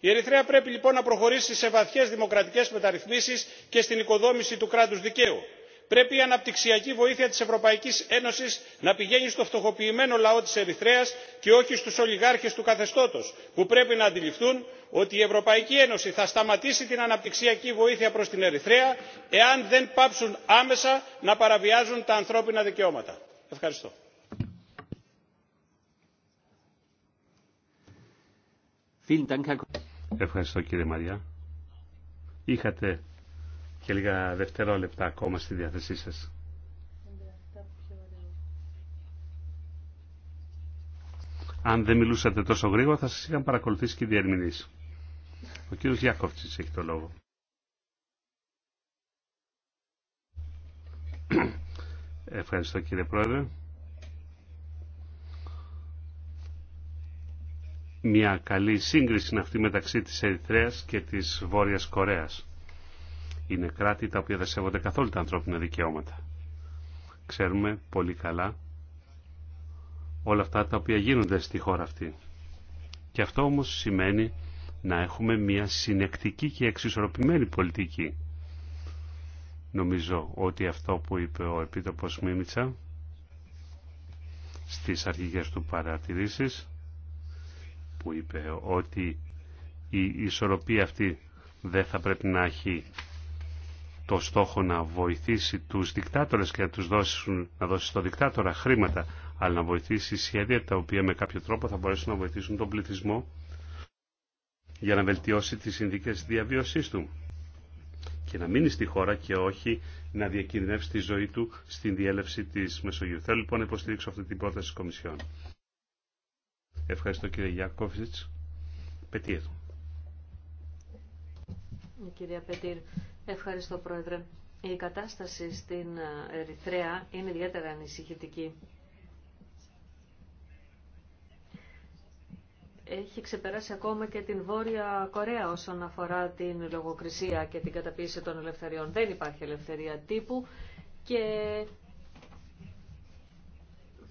η ερυθρέα πρέπει λοιπόν να προχωρήσει σε βαθιές δημοκρατικές μεταρρυθμίσεις και στην οικοδόμηση του κράτους δικαίου. Πρέπει η αναπτυξιακή βοήθεια της Ευρωπαϊκής Ένωσης να πηγαίνει στο φτωχοποιημένο λαό της Ερυθρέας και όχι στους ολιγάρχες του καθεστώτος που πρέπει να αντιληφθούν ότι η ευρωπαϊκή ένωση θα σταματήσει την αναπτυξιακή βοήθεια προς την ερυθρέα εάν δεν πάψουν άμεσα να παραβιάζουν τα ανθρώπινα δικαιώματα. ευχαριστώ. Ευχαριστώ κύριε Μαριά. Είχατε και λίγα δευτερόλεπτα ακόμα στη διάθεσή σας. Αν δεν μιλούσατε τόσο γρήγορα θα σας είχαν παρακολουθήσει και οι ο κύριος Γιάκοφτσης έχει το λόγο. Ευχαριστώ κύριε Πρόεδρε. Μια καλή σύγκριση είναι αυτή μεταξύ της Ερυθρέας και της Βόρειας Κορέας. Είναι κράτη τα οποία δεν σέβονται καθόλου τα ανθρώπινα δικαιώματα. Ξέρουμε πολύ καλά όλα αυτά τα οποία γίνονται στη χώρα αυτή. Και αυτό όμως σημαίνει να έχουμε μια συνεκτική και εξισορροπημένη πολιτική. Νομίζω ότι αυτό που είπε ο Επίτροπος Μίμητσα στις αρχικές του παρατηρήσεις που είπε ότι η ισορροπία αυτή δεν θα πρέπει να έχει το στόχο να βοηθήσει τους δικτάτορες και να, τους δώσουν, να δώσει στο δικτάτορα χρήματα αλλά να βοηθήσει σχέδια τα οποία με κάποιο τρόπο θα μπορέσουν να βοηθήσουν τον πληθυσμό για να βελτιώσει τις συνδίκες διαβίωσής του και να μείνει στη χώρα και όχι να διακινδυνεύσει τη ζωή του στην διέλευση της Μεσογείου. Θέλω λοιπόν να υποστηρίξω αυτή την πρόταση της Κομισιόν. Ευχαριστώ κύριε Γιακόβιτς. Πετήρ. Κυρία Πετήρ, ευχαριστώ πρόεδρε. Η κατάσταση στην Ερυθρέα είναι ιδιαίτερα ανησυχητική. έχει ξεπεράσει ακόμα και την Βόρεια Κορέα όσον αφορά την λογοκρισία και την καταπίεση των ελευθεριών. Δεν υπάρχει ελευθερία τύπου και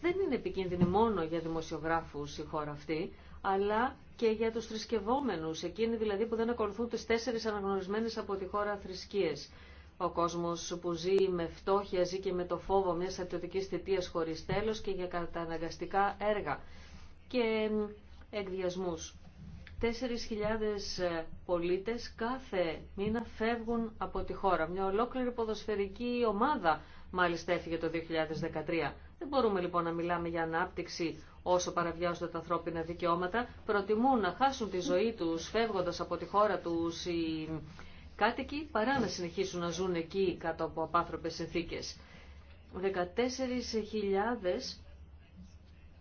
δεν είναι επικίνδυνη μόνο για δημοσιογράφους η χώρα αυτή, αλλά και για τους θρησκευόμενους, εκείνοι δηλαδή που δεν ακολουθούν τις τέσσερις αναγνωρισμένες από τη χώρα θρησκείες. Ο κόσμος που ζει με φτώχεια, ζει και με το φόβο μιας στρατιωτικής θητείας χωρίς τέλος και για καταναγκαστικά έργα. Και εκδιασμούς. 4.000 ε, πολίτες κάθε μήνα φεύγουν από τη χώρα. Μια ολόκληρη ποδοσφαιρική ομάδα μάλιστα έφυγε το 2013. Δεν μπορούμε λοιπόν να μιλάμε για ανάπτυξη όσο παραβιάζονται τα ανθρώπινα δικαιώματα. Προτιμούν να χάσουν τη ζωή τους φεύγοντας από τη χώρα τους οι κάτοικοι παρά να συνεχίσουν να ζουν εκεί κάτω από απάνθρωπες συνθήκες. 14.000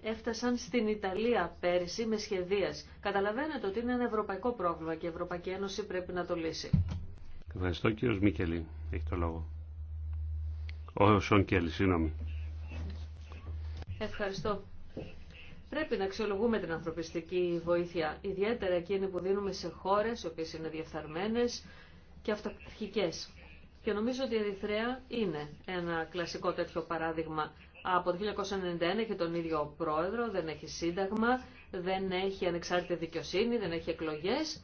έφτασαν στην Ιταλία πέρυσι με σχεδίες. Καταλαβαίνετε ότι είναι ένα ευρωπαϊκό πρόβλημα και η Ευρωπαϊκή Ένωση πρέπει να το λύσει. Ευχαριστώ κύριος Μίκελη. Έχει το λόγο. Ο Σον Κέλλη, συγγνώμη. Ευχαριστώ. Πρέπει να αξιολογούμε την ανθρωπιστική βοήθεια, ιδιαίτερα εκείνη που δίνουμε σε χώρες, οι οποίες είναι διεφθαρμένες και αυταρχικές. Και νομίζω ότι η Ερυθρέα είναι ένα κλασικό τέτοιο παράδειγμα από το 1991 έχει τον ίδιο πρόεδρο, δεν έχει σύνταγμα, δεν έχει ανεξάρτητη δικαιοσύνη, δεν έχει εκλογές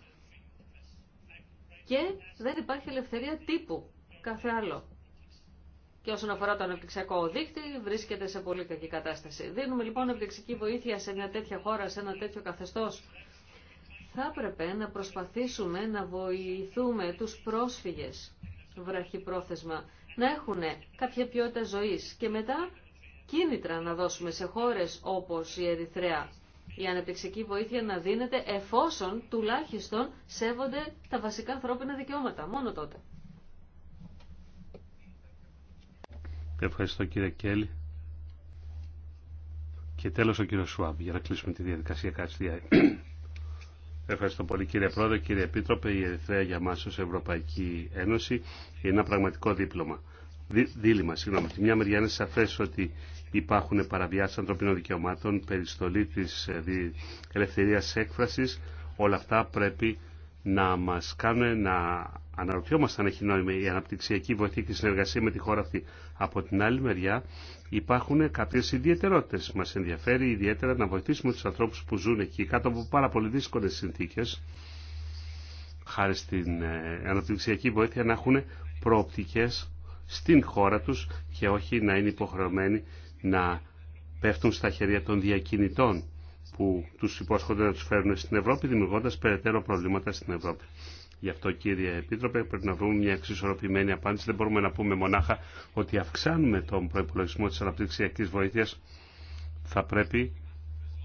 και δεν υπάρχει ελευθερία τύπου, κάθε άλλο. Και όσον αφορά το αναπτυξιακό δίκτυο, βρίσκεται σε πολύ κακή κατάσταση. Δίνουμε λοιπόν αναπτυξική βοήθεια σε μια τέτοια χώρα, σε ένα τέτοιο καθεστώς. Θα έπρεπε να προσπαθήσουμε να βοηθούμε τους πρόσφυγες βραχυπρόθεσμα, να έχουν κάποια ποιότητα ζωής και μετά κίνητρα να δώσουμε σε χώρες όπως η Ερυθρέα. Η αναπτυξιακή βοήθεια να δίνεται εφόσον τουλάχιστον σέβονται τα βασικά ανθρώπινα δικαιώματα. Μόνο τότε. Ευχαριστώ κύριε Κέλλη. Και τέλος ο κύριο Σουάμπ για να κλείσουμε τη διαδικασία κάτι Ευχαριστώ πολύ κύριε Πρόεδρε, κύριε Επίτροπε. Η Ερυθρέα για μας ως Ευρωπαϊκή Ένωση είναι ένα πραγματικό δίπλωμα. Δίλημα, συγγνώμη. Τη μια μεριά είναι ότι υπάρχουν παραβιάσεις ανθρωπίνων δικαιωμάτων, περιστολή της ε, ελευθερίας έκφρασης, όλα αυτά πρέπει να μας κάνουν να αναρωτιόμαστε αν έχει νόημα η αναπτυξιακή βοήθεια και η συνεργασία με τη χώρα αυτή. Από την άλλη μεριά υπάρχουν κάποιες ιδιαιτερότητες. Μας ενδιαφέρει ιδιαίτερα να βοηθήσουμε τους ανθρώπους που ζουν εκεί κάτω από πάρα πολύ δύσκολες συνθήκες χάρη στην ε, αναπτυξιακή βοήθεια να έχουν προοπτικές στην χώρα τους και όχι να είναι υποχρεωμένοι να πέφτουν στα χέρια των διακινητών που τους υπόσχονται να τους φέρουν στην Ευρώπη, δημιουργώντας περαιτέρω προβλήματα στην Ευρώπη. Γι' αυτό κύριε Επίτροπε πρέπει να βρούμε μια εξισορροπημένη απάντηση. Δεν μπορούμε να πούμε μονάχα ότι αυξάνουμε τον προπολογισμό της αναπτυξιακής βοήθειας. Θα πρέπει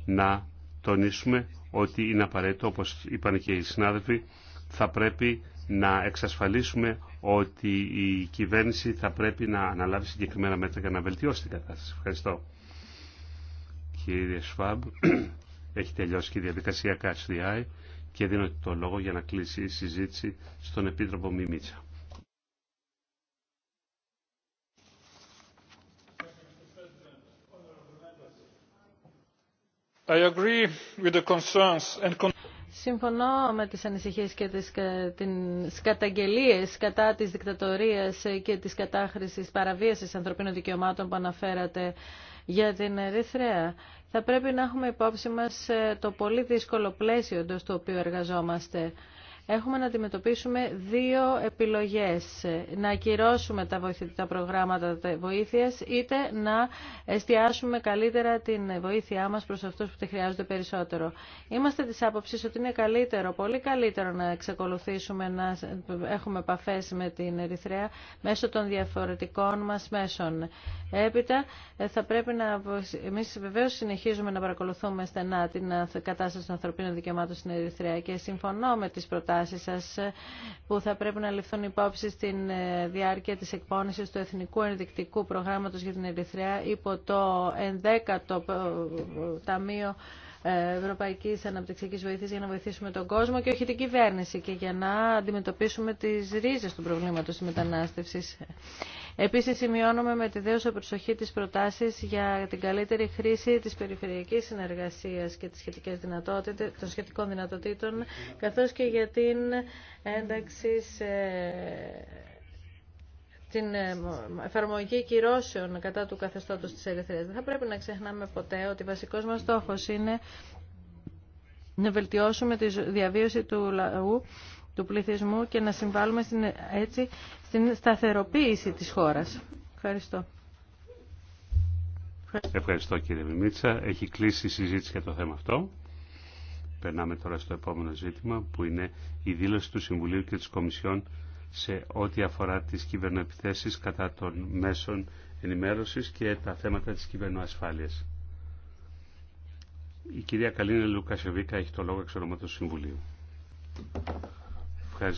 να τονίσουμε ότι είναι απαραίτητο, όπως είπαν και οι συνάδελφοι, θα πρέπει να εξασφαλίσουμε ότι η κυβέρνηση θα πρέπει να αναλάβει συγκεκριμένα μέτρα για να βελτιώσει την κατάσταση. Ευχαριστώ. Κύριε Σφάμπ, έχει τελειώσει και η διαδικασία ΚΑΤΣΔΙ και δίνω το λόγο για να κλείσει η συζήτηση στον Επίτροπο Μιμίτσα. I agree with the concerns and... Συμφωνώ με τις ανησυχίες και τις, τις καταγγελίες κατά της δικτατορίας και της κατάχρησης παραβίασης ανθρωπίνων δικαιωμάτων που αναφέρατε για την Ερυθρέα. Θα πρέπει να έχουμε υπόψη μας ε, το πολύ δύσκολο πλαίσιο εντός του οποίου εργαζόμαστε. Έχουμε να αντιμετωπίσουμε δύο επιλογές. Να ακυρώσουμε τα προγράμματα βοήθειας είτε να εστιάσουμε καλύτερα την βοήθειά μας προς αυτούς που τη χρειάζονται περισσότερο. Είμαστε της άποψης ότι είναι καλύτερο, πολύ καλύτερο να εξακολουθήσουμε να έχουμε επαφές με την Ερυθρέα μέσω των διαφορετικών μας μέσων. Έπειτα ε, θα πρέπει να... Εμείς βεβαίως συνεχίζουμε να παρακολουθούμε στενά την κατάσταση των ανθρωπίνων δικαιωμάτων στην Ερυθρέα και συμφωνώ με τις προτάσεις προτάσεις ε, που θα πρέπει να ληφθούν υπόψη στην ε, διάρκεια της εκπόνησης του Εθνικού Ενδεικτικού Προγράμματος για την Ερυθρέα υπό το 11ο ε, Ταμείο Ευρωπαϊκή Αναπτυξιακή Βοήθειας για να βοηθήσουμε τον κόσμο και όχι την κυβέρνηση και για να αντιμετωπίσουμε τις ρίζες του προβλήματος τη μετανάστευση. Επίσης σημειώνουμε με τη δέουσα προσοχή τις προτάσεις για την καλύτερη χρήση τη περιφερειακή συνεργασία και τις σχετικές των σχετικών δυνατοτήτων καθώ και για την ένταξη σε την ε, εφαρμογή κυρώσεων κατά του καθεστώτος της Ερυθρέας. Δεν θα πρέπει να ξεχνάμε ποτέ ότι βασικός μας στόχος είναι να βελτιώσουμε τη διαβίωση του λαού, του πληθυσμού και να συμβάλλουμε στην, έτσι στην σταθεροποίηση της χώρας. Ευχαριστώ. Ευχαριστώ κύριε Μιμίτσα. Έχει κλείσει η συζήτηση για το θέμα αυτό. Περνάμε τώρα στο επόμενο ζήτημα που είναι η δήλωση του Συμβουλίου και της Κομισιόν σε ό,τι αφορά τις κυβερνοεπιθέσεις κατά των μέσων ενημέρωσης και τα θέματα της κυβερνοασφάλειας. Η κυρία Καλίνα Λουκασεβίκα έχει το λόγο εξ Συμβουλίου.